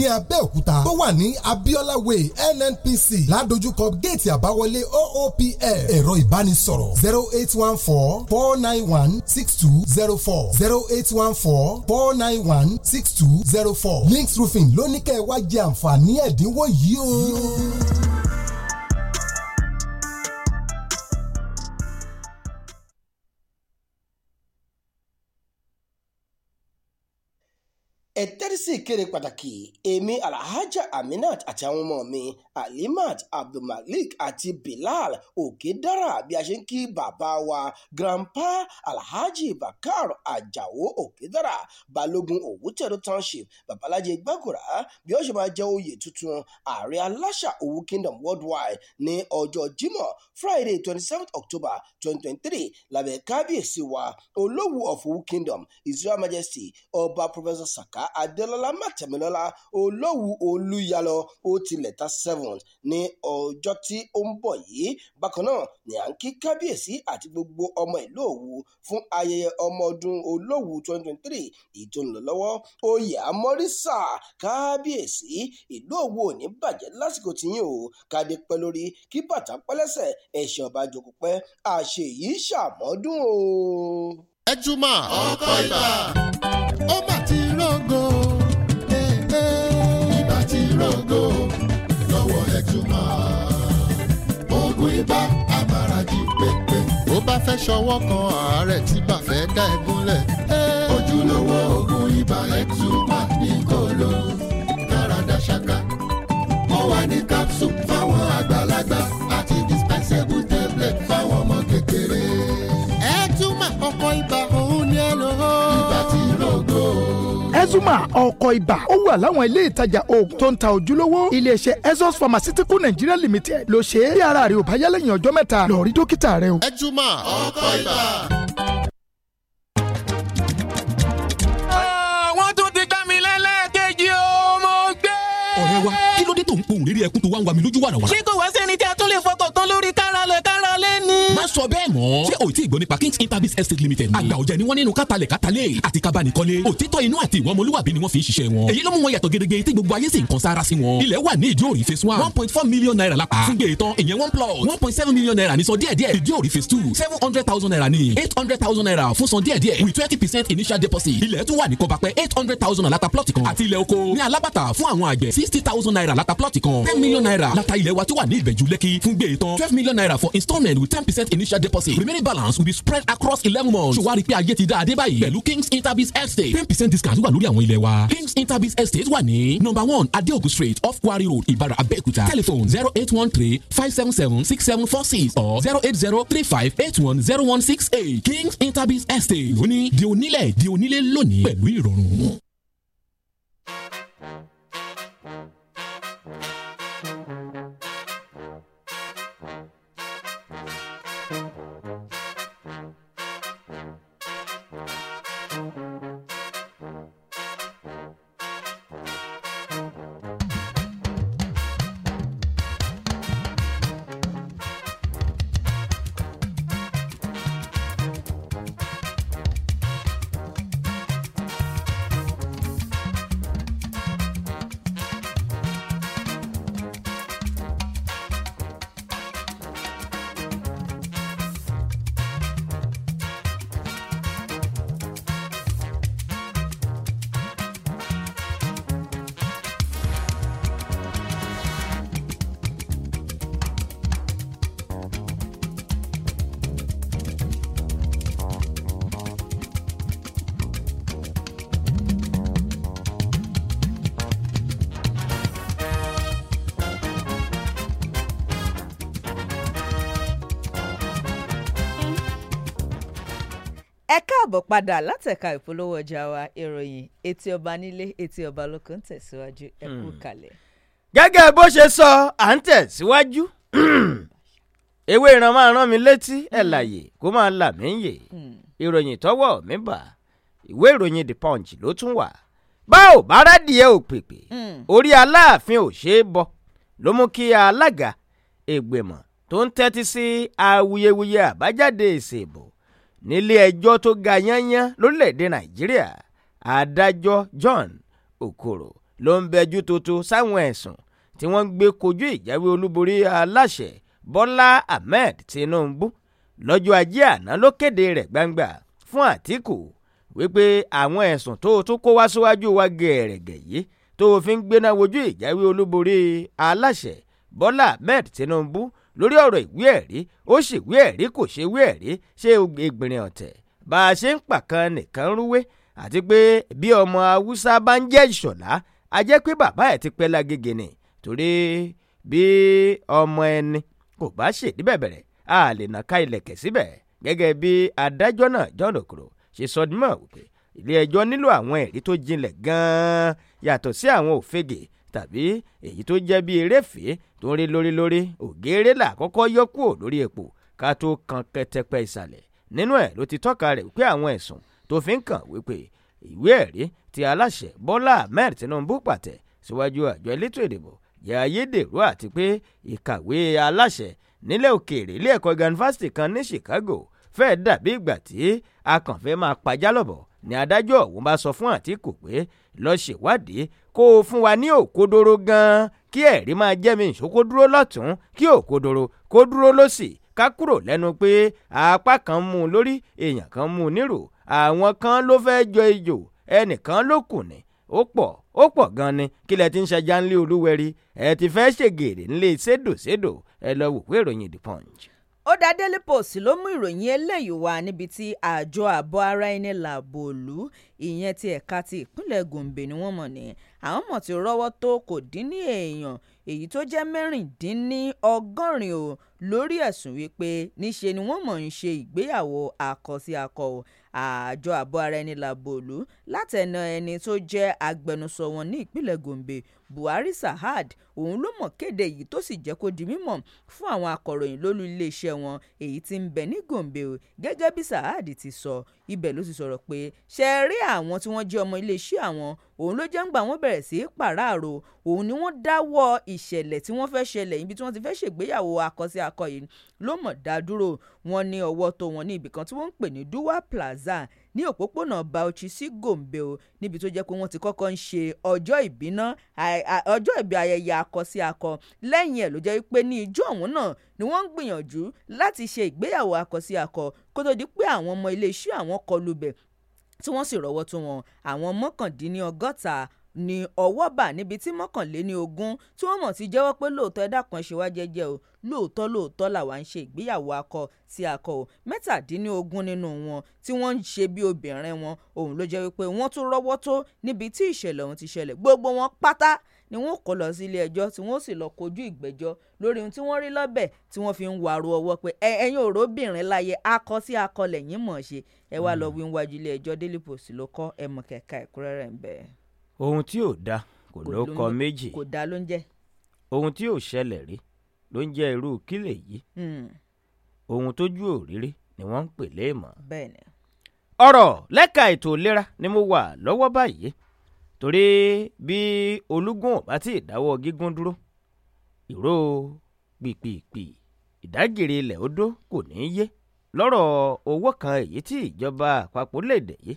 ní Abẹ́òkúta tó wà ní Abiola Way NNPC ládojúkọ géètì àbáwọlé OOPL ẹ̀rọ ìbánisọ̀rọ̀ zero eight one four four nine one six two zero four zero eight one four four nine one six two zero four Links Roofing ló ní kẹ́ ẹ wá jẹ àǹfààní ẹ̀dínwó yìí o. ẹ tẹ́tí sí ìkéde pàtàkì èmi alhaja aminat àti àwọn ọmọ mi alimat abdulmalik àti bilal òkèdára bí a ṣe ń kí bàbá wa grandpa alhaji bakar ajáò òkèdára balógun òwútẹ̀rù township babaláje gbàgùrà bí ó ṣe máa jẹ́ oyè tuntun ààrẹ aláṣà òwú kingdom worldwide ní ọjọ́ jímọ̀ friday twenty seventh october twenty twenty three lábẹ́ kábíyèsí wa olówó of òwú kingdom israel majesty ọba professor saka adélọ́lá mátẹ̀mílọ́lá olówú olúyalọ ó tilẹ̀ ta seventh ní ọjọ́ tí ó ń bọ̀ yìí bákan náà ni à ń kí kábíyèsí àti gbogbo ọmọ ìlú òwu fún ayẹyẹ ọmọ ọdún olówú twenty twenty three ètò ńlọ lọ́wọ́ oyè amọ́rísà kábíyèsí ìlú òwu ò ní bàjẹ́ lásìkò tìyín o kádé pẹ́ lórí kí bàtà pẹ́lẹ́sẹ̀ ẹ̀ṣẹ̀ ọba jòkó pẹ́ àṣeyìí ṣàmọ́dún o. ẹjúmọ́ ọkọ ibà ó mà ti rògo eh, eh. ibà ti rògo lọ́wọ́ Exuma oògùn ibà abàràjì pépé. bó bá fẹ́ ṣọwọ́ kan àárẹ̀ tí bá dá ẹ gúnlẹ̀ Ezuma ọkọ̀ ibà ó wà láwọn ilé ìtajà oògùn tó ń ta ojúlówó iléeṣẹ́ Ezos Pharmaceutical Nigeria Limited ló ṣe é bí ara rẹ ò bá yá lẹ́yìn ọjọ́ mẹ́ta lọ rí dókítà rẹ o. Ezuma ọkọ̀ ibà. wọ́n tún ti gbá mi lẹ́lẹ́kejì ọ̀rẹ́ wa kí ló dé tó ń pohùn réré ẹkún tó wá ń wa mi lójú wàràwàrà. ṣé kò wá sẹ́ni tí a tún lè fọkàn tán lórí ká má sọ bẹ́ẹ̀ mọ́. ṣé o ti gbọ́ nípa kings interbis estate limited ni. àgbà ọ̀jẹ̀ ni wọ́n nínú kátàlẹ̀ kátàlẹ̀ àti kábánikọ́lé. òtítọ́ inú àti ìwà ni wọ́n fi ń ṣiṣẹ́ wọn. èyí ló mú wọn yàtọ̀ gedegbe tí gbogbo ayé sì ń kan sára sí wọn. ilẹ̀ wà ní ìdí òrì phase one one point four million naira lápá. fún gbèrè tán ìyẹn one plot one point seven million naira ní san díẹ̀díẹ̀. ìdí òrì phase two seven hundred thousand naira ní eight hundred thousand naira fún san díẹ̀díẹ̀ with twenty percent initial deposit. ilẹ̀ tún wà ní kọbapẹ́ eight hundred thousand alata plot kan àti ilẹ̀ oko ní alábàtà fún àwọn sixty thousand naira alata plot kan ten million naira lata ilẹ̀ wa tó wà ní ìbẹ̀jú twelve million naira for installment with ten percent initial deposit remaining balance will be spread across eleven months ṣùwárí pé ayé ti dá adé báyìí pẹ̀lú kings interbis estate ten percent discount wà lórí àwọn ilẹ̀ wa kings interbis estate wà ní number one adeogun street off quarry road Ibara abẹ́òkúta telephone zero eight one three five seven seven six seven four six or zero eight zero three five eight one zero one six eight kings interbis estate lóní di onílẹ̀ di onílé lónìí pẹ̀lú ìrọ̀rùn. káàbọ̀ padà látẹ̀ka ìpolówó ọjà wa ìròyìn etí ọba nílé etí ọba lóko ń tẹ̀síwájú ẹ kú hmm. kalẹ̀. gẹ́gẹ́ bó ṣe sọ à ń tẹ̀síwájú ewé ìran máa rán mi létí ẹ̀ hmm. láàyè kó máa là mí ń yè hmm. ìròyìn tọ́wọ́ mi bà ìwé ìròyìn the punch ló tún wà báwo bára díẹ̀ ò pèpè orí aláàfin ò ṣe é bọ ló mú kí alága ìgbìmọ̀ tó ń tẹ́tí sí awuyewuye àbájáde èsì nílé ẹjọ́ tó ga yányán lórílẹ̀‐èdè nàìjíríà adájọ́ John Okoro ló ń bẹjú tuntun sáwọn ẹ̀sùn tí wọ́n ń gbé kojú ìjáwé olúborí aláṣẹ Bọ́lá Ahmed Tinubu lọ́jọ́ ajé àná ló kéde rẹ̀ gbangba fún Àtíkù wípé àwọn ẹ̀sùn tó tún kó wá síwájú wa gẹ̀ẹ́rẹ̀gẹ̀ yìí tó fi ń gbéná wojú ìjáwé olúborí aláṣẹ Bọ́lá Ahmed Tinubu lórí ọ̀rọ̀ ìwé ẹ̀rí ó sì wí ẹ̀rí kò ṣe wí ẹ̀rí ṣé egbìnrin ọ̀tẹ̀ bá a ṣe ń pàkan nìkan rúwé àti pé bí ọmọ haúsá bá ń jẹ́ ìṣọ̀lá a jẹ́ pé bàbá ẹ̀ ti pẹ́ lágége ni torí bí ọmọ ẹni kò bá ṣèdí bẹ̀bẹ̀rẹ̀ a lè nà ká ilẹ̀kẹ̀ síbẹ̀ gẹ́gẹ́ bí adájọ́ náà John Okoro ṣe sọ mọ́ ilé ẹjọ́ nílò àwọn ẹ̀rí tó jinlẹ̀ gan-an yàtọ̀ sí àwọn òfegè tàbí èyí tó jẹ́ bí eréfèé tó ń rí lórílórí ògèrè là kọ́kọ́ yọ kúrò lórí epo ká tó kan kẹtẹpẹ ìsàlẹ̀ nínú ẹ̀ ló ti tọ́ka rẹ̀ wípé àwọn ẹ̀sùn tó fi ń kàn wípé ìwé ẹ̀rí ti aláṣẹ Bọ́lá Ahmed Tinubu pàtẹ síwájú àjọ elétò ìdìbò jẹ́ ayédèrú àti pé ìkàwé aláṣẹ nílẹ̀ òkèèrè ilé ẹ̀kọ́ yunifásitì kan ní Chicago fẹ́ẹ́ dàbí ìgbà tí akànfẹ́ máa pajá ni adájọ́ ọ̀hún bá sọ fún Àtíkù pé lọ ṣèwádìí kó o fún wa ní òkodoro gan-an kí ẹ̀rí máa jẹ́ mi ìṣókó dúró lọ́tún kí òkodoro kó dúró lọ́sì ká kúrò lẹ́nu pé apá kan mú un lórí èèyàn kan mú un nírò àwọn kan ló fẹ́ jọ ejò ẹnìkan ló kù ní ó pọ̀ ó pọ̀ gan ni kí lẹ ti ń ṣajá ńlé olúwẹ̀rí ẹ ti fẹ́ ṣègèrè ńlé sédòsédò ẹ lọ wò pé ìròyìn the punch ó dá daily post ló mú ìròyìn eléyìí wá níbi tí àjọ ààbọ̀ ara ẹni làbò òlu ìyẹn ti ẹ̀ka ti ìpínlẹ̀ gombe ni wọ́n mọ̀ ní àwọn mọ̀ tí rọ́wọ́ tó kò dín ní èèyàn èyí tó jẹ́ mẹ́rìndínlọ́gọ́rin o lórí ẹ̀sùn wípé níṣe ni wọ́n mọ̀ ń ṣe ìgbéyàwó akọ-sí-akọ o àjọ ààbọ̀ ara ẹni làbò òlu látẹ̀nà ẹni tó jẹ́ agbẹnusọ wọn ní ìpínlẹ̀ gombe buhari saad, òun ló mọ̀ kéde èyí tó sì jẹ́ kó di mímọ̀ fún àwọn akọ̀ròyìn lólú iléeṣẹ́ wọn èyí tí ń bẹ ní gombe o gẹ́gẹ́ bí sahad ti sọ ibẹ̀ ló ti sọ̀rọ̀ pé ṣe rí àwọn tí wọ́n jẹ́ ọmọ iléeṣẹ́ àwọn òun ló jẹ́ ń gbà wọ́n bẹ̀rẹ̀ sí í pàráàrò òun ni wọ́n dáwọ́ ìṣẹ̀lẹ̀ tí wọ́n fẹ́ ṣẹlẹ̀ ibi tí wọ́n ti fẹ́ ṣègbéyàwó akọsí akọ yìí ló mọ̀ dá wọn ní ọwọ́ tó wọn ní ibìkan tí wọ́n ń pè ní duwa plaza ní òpópónà Bauchi sí Gombe o níbi tó jẹ́ pé wọ́n ti kọ́kọ́ ń ṣe ọjọ́ ìbí náà ọjọ́ ìbí ayẹyẹ akọ sí akọ lẹ́yìn ẹ̀ ló jẹ́ pé ní ijó ọ̀hún náà ni wọ́n ń gbìyànjú láti ṣe ìgbéyàwó akọ sí akọ kó tó di pé àwọn ọmọ iléeṣẹ́ àwọn kọlù bẹ̀ tí wọ́n sì rọ́wọ́ tó wọn àwọn mọ́kàndínlọ́gọ́ta ni ọwọ́ bà níbi tí mọ́kànléní ogún tí wọ́n mọ̀ ti jẹ́wọ́ pé lóòótọ́ ẹ̀dá kan ṣe wá jẹ́jẹ́ o lóòótọ́ lóòótọ́ làwa ń ṣe ìgbéyàwó akọ tí akọ o mẹ́tàdínlógún nínú wọn tí wọ́n ń ṣe bí obìnrin wọn òun ló jẹ́ wípé wọ́n tún rọ́wọ́ tó níbi tí ìṣẹ̀lẹ̀ ọ̀hún ti ṣẹlẹ̀ gbogbo wọn pátá ni wọn kọ lọ sí ilé ẹjọ́ tí wọn sì lọ kojú ìgbẹ́jọ́ lórí ohun tí wọ́n rí lọ́bẹ̀ tí wọ́n fi ń wàrú ọwọ́ pé ẹ̀yin òróbìnrin láyé akọ sí akọ lẹ́yìn mọ̀ ṣe ẹ wá lọ hmm. wí wájú ilé ẹjọ́ Daily Post ló kọ ẹ mọ̀ kẹ̀ka ẹ̀kúnrẹ́rẹ́ ń bẹ̀ ohun tí ò da kò ló kọ méjì kò da ló ń jẹ ohun tí ò ṣẹlẹ̀ rí ló ń jẹ́ irú kí lèyí hmm. ohun tójú òrírí ni wọ́n ń pè léèmọ̀. ọ̀rọ̀ lẹ́ka ètò ìlera ni mo wà lọ́wọ́ báyìí torí bí olúgun ò bá tí ì dáwọ́ gígùn dúró ìró pìpìpì ìdágìrì ilẹ̀ odó kò ní í yé lọ́rọ̀ owó kan èyí tí ìjọba àpapọ̀ léde yìí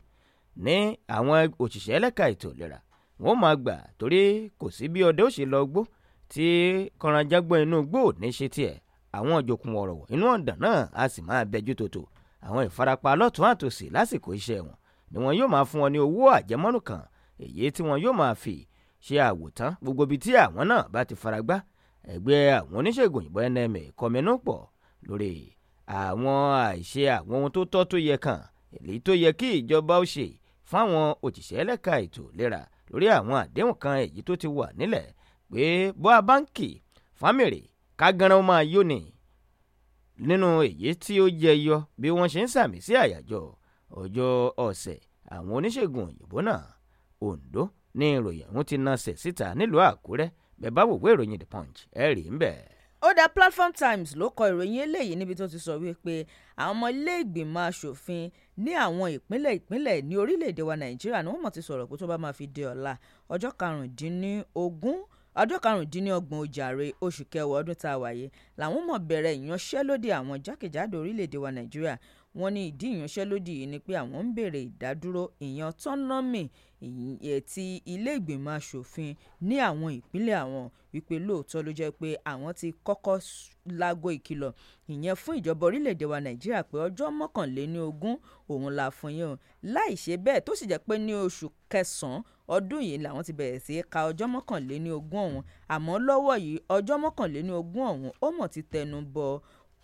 ní àwọn òṣìṣẹ́ lẹ́ka ètò ìlera wọ́n máa gbà torí kò sí bí ọdẹ ó ṣe lọ gbó tí kọranjágbọ́n inú gbó ò ní ṣe tiẹ̀ àwọn ìjòkun ọ̀rọ̀wọ̀ inú ọ̀dàn náà a sì máa bẹjú tòtò àwọn ìfarapa lọ́tún àtòsí lásìkò iṣẹ́ wọn ni wọn yóò máa fún wọn ní owó àjẹmọ́nú kan èyí tí wọn yóò máa fi ṣe àwòtán gbogbo ibi tí àwọn náà bá ti faragbá ẹgbẹ́ àwọn oníṣègùn òyìnbó nma kọminú pọ̀ lórí àwọn àìṣe àwọn ohun tó tọ́ tó yẹ kan èyí tó yẹ kí ìjọba ó ṣe fáwọn òṣìṣẹ́ ẹlẹ́ka ètò ìlera lórí àwọn àdéhùn kan èyí tó ti wà nílẹ̀ pé bóa báǹkì fámìrì kágánran máa yó ni nínú èyí tí ó jẹ yọ bí wọ́n ṣe ń sàmì sí àyájọ́ ọjọ́ ọ̀sẹ̀ àwọn oníṣègùn òyìnbó náà Ondo ní ìròyìn ọ̀hún ti nasẹ̀ síta nílùú Àkúrẹ́ bẹ́ẹ̀ bá wòwé ìròyìn The Punch ẹ̀ rí ń bẹ́ẹ̀ ó dá platform times ló kọ ìròyìn eléyìí níbi tó ti sọ wípé àwọn ọmọ ilé ìgbìmọ̀ asòfin ní àwọn ìpínlẹ̀ ìpínlẹ̀ ní orílẹ̀-èdè wa nàìjíríà ni wọ́n mọ̀ ti sọ̀rọ̀ pé tó bá máa fi di ọ̀la ọjọ́ karùndínlógún ọjọ́ karùndínlọ́gbọ̀n ojàre oṣù kẹwàá ọdún tá a wáyé làwọn mọ̀ bẹ̀rẹ̀ ìyanṣẹ́lódì àwọn jákèjádò orílẹ̀-èdè wa nàìjíríà wọ́n ní ìdí ìyanṣẹ́lódì yìí ni pé àwọn ń béèrè ìdádúró ìyan tọ́nọ́mì ti ilé ìgbìmọ̀ asòfin ní àwọn ìpínlẹ̀ àwọn wípé lóòótọ́ ló jẹ́ pé àwọn ti kọ́kọ́ láago ìkìlọ̀ ìyẹn fún ìjọba orílẹ̀-èdè wa nàìjíríà pé ọjọ́ mọ́kànléní ogún òun la fún yín o láì ṣe bẹ́ẹ̀ tó sì jẹ́ pé ní oṣù kẹsàn-án ọdún yìí làwọn ti bẹ̀rẹ̀ sí í ka ọjọ́ mọ́kànléní ogún ọ̀hún àmọ́ lọ́wọ́ yìí ọjọ́ mọ́kànléní ogún ọ̀hún ó mọ̀ ti tẹnu bọ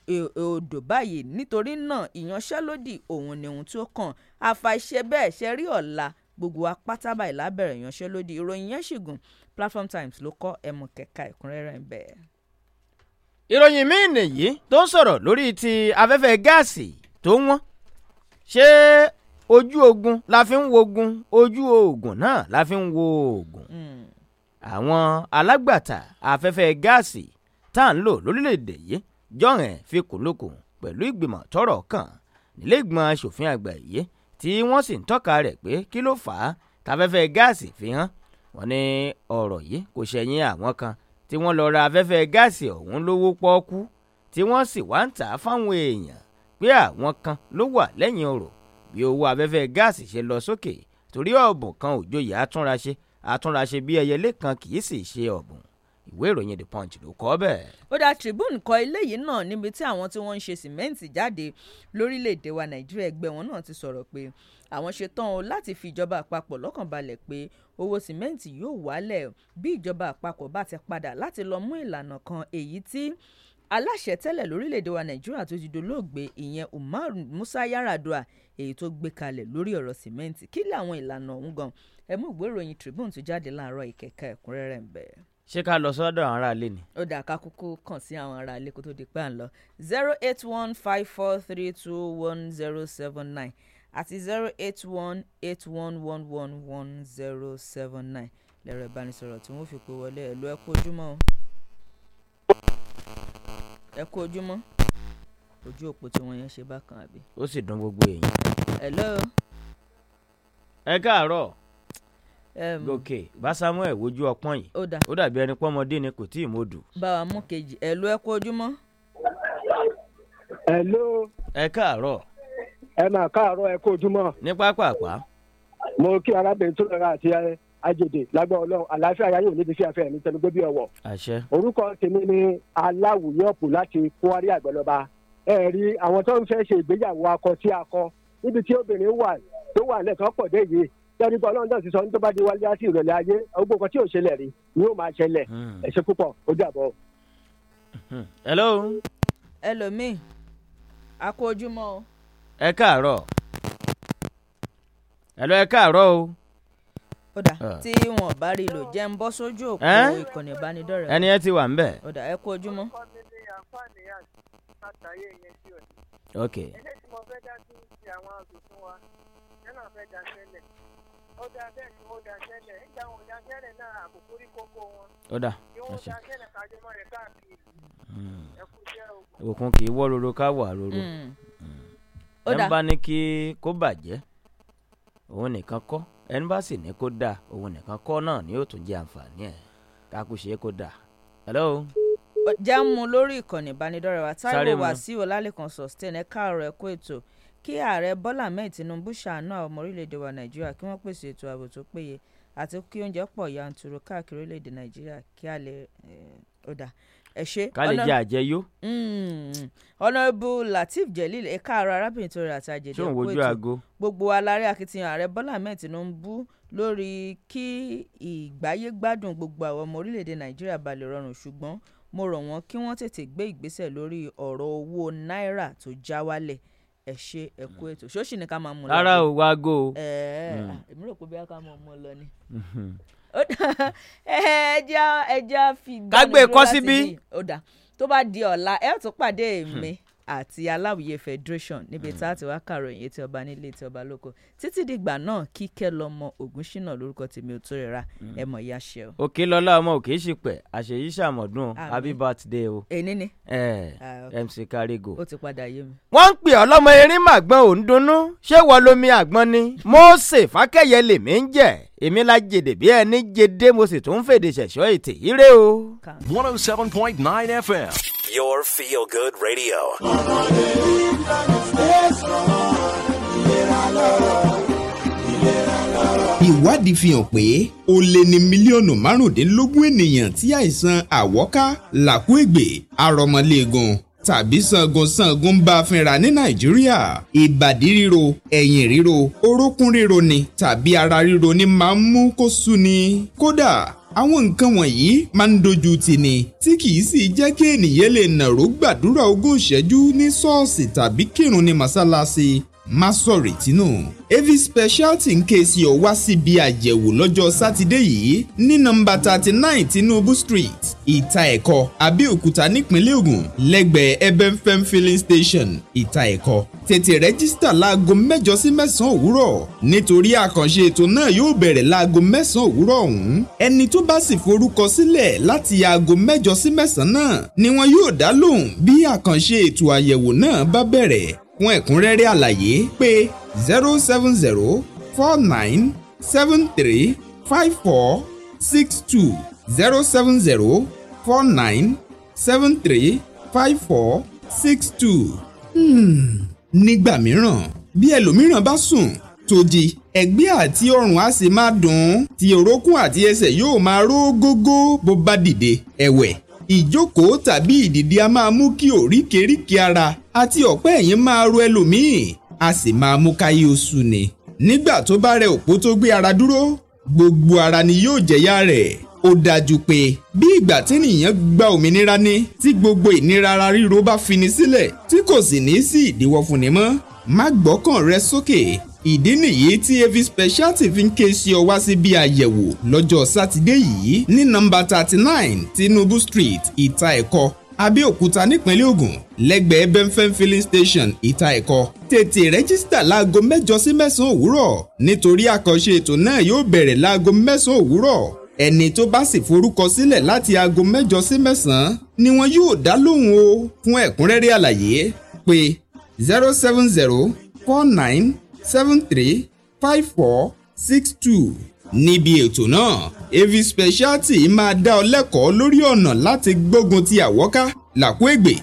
e, odò báyìí nítorí náà ìyanṣẹ́lódì òun ni ohun tó kàn àfàìṣe bẹ́ẹ̀ ṣe rí ọ̀la gbogbo wa pátá báyìí lábẹ̀rẹ̀ ìyanṣẹ́lódì ìròyìn yẹn ṣìgùn platform times ló kọ́ ẹ̀mọ kẹ̀ka ẹ̀kúnrẹ́rẹ́ ń bẹ̀. ìròyìn míì nìyí tó ń sọ̀rọ̀ lórí ti afẹ́fẹ́ gáàsì tó wọ́n ṣé ojú ogun la fi ń wogun ojú oògùn náà la fi ń wo oògùn hmm. àwọn alágbàtà afẹ́fẹ́ gáàsì tá à ń lò lórílẹ̀‐èdè yìí jọ̀rìn fi kùnlùkùn pẹ̀lú ìgbìmọ̀ tọ́rọ̀ kàn nílé ìgbìmọ̀ asòfin àgbà yìí tí wọ́n sì ń tọ́ka rẹ̀ pé kí ló fà á tafẹ́fẹ́ gáàsì fi hàn wọ́n ní ọ̀rọ̀ yìí kò ṣẹ̀yìn àwọn kan tí wọ́n lọ ra afẹ́fẹ́ gáàsì ọ̀hún lówó pọ́ọ́kú tí wọ́n sì wá ń tà á fáwọn èèyàn pé àwọn kan ló wà lẹ́yìn ọ̀rọ̀ bí owó afẹ́fẹ́ gáàsì ṣe lọ sókè torí ọ̀bùn kan òjòyè àtúnraṣe àtúnraṣe bí ẹyẹlé kan kì í sì ṣe ọ̀bùn ìwé ìròyìn the punch ló kọ́ bẹ́ẹ̀. ó dá tribune kọ eléyìí náà níbi tí àwọn tí wọ́n ń ṣe sìmẹ́ǹtì jáde lórílẹ̀‐èdè wa nàìjíríà ẹgbẹ́ wọn náà ti sọ̀rọ̀ pé àwọn ṣetán o láti fi ìjọba àpapọ̀ lọ́kàn balẹ̀ pé owó sìmẹ́ǹtì yóò wálẹ̀ bí ìjọba àpapọ̀ bá ti padà láti lọ mú ìlànà kan èyí tí aláṣẹ tẹ́lẹ̀ lórílẹ̀‐èdè wa nàìjíríà tó ti dolóògbé ìyẹn umar musa yaradua èyí tó gbé kalẹ̀ lórí ọ̀rọ̀ sìmẹ́ǹtì kí làwọn ìlànà ọ̀hún gan ẹ ìwé ìròyìn tribune tó jáde láàárọ̀ ìkẹ̀kẹ́ ẹ̀kúnrẹ́rẹ́ ń bẹ̀ẹ́ ṣé ká lọ sọ́dọ̀ àwọn aráalé ni. ó dà ká kúkú kàn sí àwọn aráalé kó tó di pé à ń lọ zero eight one five four three two one zero seven nine àti zero eight one eight one one one one zero seven nine lẹ́rọ ìbánisọ̀rọ̀ tí wọ́n fi pè wọlé ẹ̀ ló ẹ kú ojúmọ́ o ẹ kú ojúmọ́ ojú òpó tí wọ́n yẹn ṣe bákan àbí. ó sì dán gbogbo èèyàn. hello. ẹ káàárọ̀ gòkè bá samuel wojú ọpọ́n yìí ó dàbí ẹni pọ́mọdé ni kò tí ì mọ̀ dùn. bàbá mú kejì ẹ ló ẹ kú ojúmọ́. ẹ ló. ẹ káàárọ̀. ẹ máa káàárọ̀ ẹ kú ojúmọ́. ní pápápá. mo kí arábìnrin tó lọ́ra àti àjèjì lágbó ọlọ́run àlàáfíà ayé òní ti fi àfẹ́ mi tẹnu gbé bí ọwọ́. àṣẹ. orúkọ tèmi ni aláwùyọ́pù láti kwari àgbẹ̀lọba ẹ rí àwọn tó ń fẹ́ ṣe ìgbéyàwó akọ sí akọ níbi tí obìnrin wà tó wà lẹ́kọ̀ọ́ pọ̀ dé yìí lórí pé ọlọ́run náà ti sọ ní tó bá di wáyé sí ìrọ̀lẹ́ ayé ogbó kan tí ò ṣẹlẹ̀ rí ni yóò máa ṣẹlẹ̀ ẹ púpọ̀ ó dàbọ̀. hello. ẹlòmíì a kú ojúmọ́ o. ẹ káàárọ̀ hello ẹ káàárọ̀ o. ọ̀dà tí wọn bá rí lò jẹ́ ń bọ́ sójú òpó ìkànnì ìbánidọ́rẹ̀ẹ́. ẹni ẹ ti wà ń bẹ̀. ọ̀dà ẹ kú ojúmọ́. ok. ẹni ọjà wọn àgbè fún wa yánà fẹ́ da ó da bẹ́ẹ̀ ni ó da nígbà wọn ò náà àbùkù rí kókó wọn. ó dà ó ṣe hmm. òkun kì í wọ́ roro ká wà roro hmm. hmm. ẹn bá ní kí kó bàjẹ́ òun nìkan kọ́ ẹn bá sì ní kó dáa òun nìkan kọ́ náà ni yóò tún jẹ àǹfààní ẹ̀ káku ṣe kó dáa. hello. jámu lórí ìkànnì ìbánidọ́rẹ̀wá táíwò wàsíù ọlálẹ́kan sustain ẹ̀ka ẹ̀kọ́ ètò kí ààrẹ bọ́lá ahmed tinubu ṣàánú àwọn ọmọ orílẹ̀‐èdè wa nàìjíríà kí wọ́n pèsè ètò ààbò tó péye àti kí oúnjẹ pọ̀ yanturu káàkiri orílẹ̀‐èdè nàìjíríà kí a lè eh, ọ̀dà ẹ̀ ṣe. ká lè jẹ àjẹyó. Hmm. ọ̀nàbù lateef jelil ẹ̀ka ara arábìnrin tó rẹ̀ àtàjẹ̀dẹ̀ ṣé òun wojú aago. gbogbo aláré akitiyan ààrẹ bọ́lá ahmed tinubu lórí kí ìgbáyégbádùn gbogbo àwọn ọmọ orílẹ̀‐èdè nàìjíríà balẹ̀ rọrùn ṣùgbọ́n mo rọ̀ wọ́n kí wọ́n tètè gbé ìgbésẹ̀ lórí ọ̀rọ̀ owó náírà tó já wálẹ̀ ẹ ṣe ẹ kú mm. ètò ṣóṣì ni ká máa mú lọ. rárá o wá gò ẹ ẹ mm. èmi rò pé bí a ká máa mú lọ ni. ẹja mm-hmm. ẹja fi. kágbé e kọ́ síbí. ó tó bá di ọ̀la ẹ ó tún pàdé mi. Hmm àti aláwìyé federation níbi tá a ti wá kàròyìn etí ọba nílé etí ọba lóko títí dìgbà náà kíkẹ́ lọ́mọ ògúnṣínà lórúkọ tèmi ò tó rẹra mm. ẹ mọ̀ ìyá ṣe o. òkè lọ́lá ọmọ òkè ṣìpẹ̀ àṣeyí ṣàmọ̀dún happy birthday o. èní ni. Ah, mc karigo. ó ti padà yé mi. wọ́n ń pè ọlọ́mọ erin màgbọ́n ò ń dunnú ṣé wọ́n lomi àgbọn ni mose fákẹ́yẹ lèmi ń jẹ́ èmi la jèdè bí ẹni jèdè mo sì tún fèdè ṣẹ̀ṣọ́ ètè ire o. one oh seven point nine fm your feel good radio. ìwádìí fi hàn pé ó lé ní mílíọ̀nù márùndínlógún ènìyàn tí àìsàn àwọ́ká làkúègbè àrọ̀mọ́lẹ́gùn tàbí sangun bá a fínra ní nàìjíríà ìbàdí ríro ẹ̀yìn ríro orókún ríro ni tàbí ara ríro ni máa ń mú kó sú ni kódà àwọn nǹkan wọ̀nyí máa ń dojú tì ni tí kìí sì jẹ́ kí ènìyàn lè nàró gbàdúrà ogún ìṣẹ́jú ní ṣọ́ọ̀ṣì tàbí kírun ní mọ́sálásí má sọ̀rọ̀ ìtinú. avi speciality ń ké sí ọ wá síbi àyẹ̀wò lọ́jọ́ sátidé yìí ní nọ́mbà thirty nine tinubu street ìta ẹ̀kọ́ abẹ́òkúta nípínlẹ̀ ògùn lẹ́gbẹ̀ẹ́ fem filling station ìta ẹ̀kọ́ tètè rẹ́jísítà láago mẹ́jọ sí mẹ́sàn-án òwúrọ̀ nítorí àkànṣe ètò náà yóò bẹ̀rẹ̀ láago mẹ́sàn-án òwúrọ̀ ọ̀hún ẹni tó bá sì forúkọ sílẹ̀ láti aago mẹ́jọ sí mẹ́sàn-án náà ni wọn yóò dá lóhùn bí àkànṣe ètò àyẹ̀wò náà bá bẹ̀rẹ̀ fún ẹ̀kúnrẹ́rẹ́ àlàyé pé zero seven zero four nine seven three five four six two zero seven zero four nine seven three five four six two. Hmm, nígbà mìíràn bí ẹlòmíràn bá sùn tó jí ẹ̀gbẹ́ àti ọrùn á sì máa dùn ún tí orókùn àti ẹsẹ̀ yóò máa ró gógó bó bá dìde ẹ̀wẹ̀ ìjókòó tàbí ìdìde a máa mú kí òríkèríkè ara àti ọ̀pẹ́ ẹ̀yìn máa ro ẹlòmíì a sì máa mú káyé oṣù ni. nígbà tó bá rẹ òpó tó gbé ara dúró gbogbo ara ni yóò jẹ̀yà rẹ̀ ó dájú pé bí ìgbà tí nìyẹn gba òmìnira ní tí gbogbo ìnira ara ríro bá fini sílẹ̀ tí kò sì ní sí ìdíwọ́ fúnni mọ́ má gbọ́kàn rẹ sókè ìdí nìyí tí av speciality fi ń ké sí ọ wá sí bí àyẹ̀wò lọ́jọ́ sátidé yìí ní nọ́mbà thirty nine Tinubu Street ìta ẹ̀kọ́ Abẹ́òkúta nípínlẹ̀ Ògùn lẹ́gbẹ̀ẹ́ benfen filling station ìta ẹ̀kọ́ tètè rẹ́jísítà láago mẹ́jọ sí mẹ́sàn-án òwúrọ̀ nítorí àkànṣe ètò náà yóò bẹ̀rẹ̀ láago mẹ́sàn-án òwúrọ̀ ẹni tó bá sì forúkọ sílẹ̀ láti aago mẹ́jọ sí mẹ́sàn-án ni wọn yóò dá lóhùn o fún ẹ̀kúnrẹ́rẹ́ àlàyé pé zero seven zero four nine seven three five four six two níbi ètò náà avi speciality máa dá ọ lẹ́kọ̀ọ́ lórí ọ̀nà láti gbógun ti àwọ́ká làkúègbè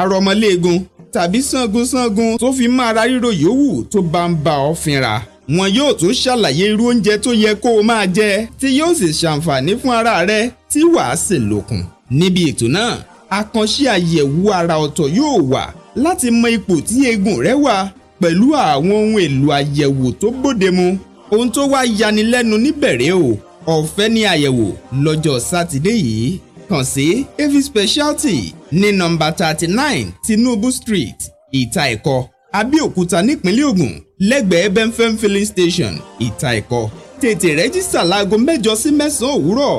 arọmọléegun tàbí sangunsangun tó fi máa ra ríro yòówù tó bá ń bá ọ fínra wọn yóò tún ṣàlàyé irú oúnjẹ tó yẹ kó o máa jẹ tí yóò sì ṣàǹfààní fún ara rẹ tí wàá sì lòkùn. níbi ètò náà àkànṣe àyẹ̀wò àrà ọ̀tọ̀ yóò wà láti mọ ipò tí eegun rẹ wà pẹ̀lú àwọn ohun èlò àyẹ̀wò tó bóde mu ohun tó wá yanilẹ́nu níbẹ̀rẹ̀ o ọ̀fẹ́ ní àyẹ̀wò lọ́jọ́ sátidé yìí kàn sí avi speciality ní nọ́mbà thirty nine Tinubu Street ìta ẹ̀kọ́ Abẹ́òkúta nípínlẹ̀ Ògùn lẹ́gbẹ̀ẹ́ benfem filling station ìta ẹ̀kọ́ tètè rẹ́jísítà láago mẹ́jọ sí mẹ́sàn-án òwúrọ̀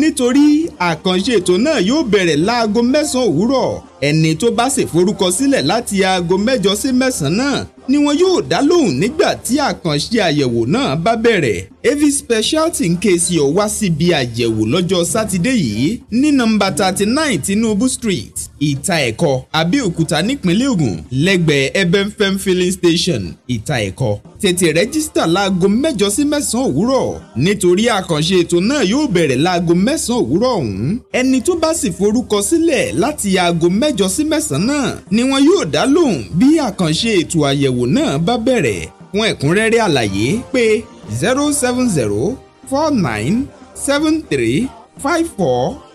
nítorí àkànṣe ètò náà yóò bẹ̀rẹ̀ láago mẹ́sàn-án òwúrọ̀ ẹni tó bá sì forúkọ sílẹ̀ láti aago mẹ́jọ sí mẹ́sàn-án ni wọn yóò dá lóhùn nígbà tí àkànṣe àyẹ̀wò náà bá bẹ̀rẹ̀. avis speciality ń ké sí ọ wá síbi àyẹ̀wò lọ́jọ́ sátidé yìí ní nọ́mbà thirty nine Tinubu Street ìta ẹ̀kọ́ Abẹ́òkúta nípínlẹ̀ Ògùn lẹ́gbẹ̀ẹ́ ebenfem filling station ìta ẹ̀kọ́ tètè rẹ́gísítà láago mẹ́jọ sí mẹ́sàn-án òwúrọ̀ nítorí àkànṣe ètò náà yóò bẹ̀rẹ̀ láago mẹ́sàn-án òwúrọ̀ ọ̀hún ẹni tó bá sì forúkọ sílẹ̀ mẹ́jọ sí mẹ́sàn-án ni wọn yóò dá lóhùn bí àkànṣe ètò àyẹ̀wò náà bá bẹ̀rẹ̀ fún ẹ̀kúnrẹ́rẹ́ àlàyé pé zero seven zero four nine seven three five four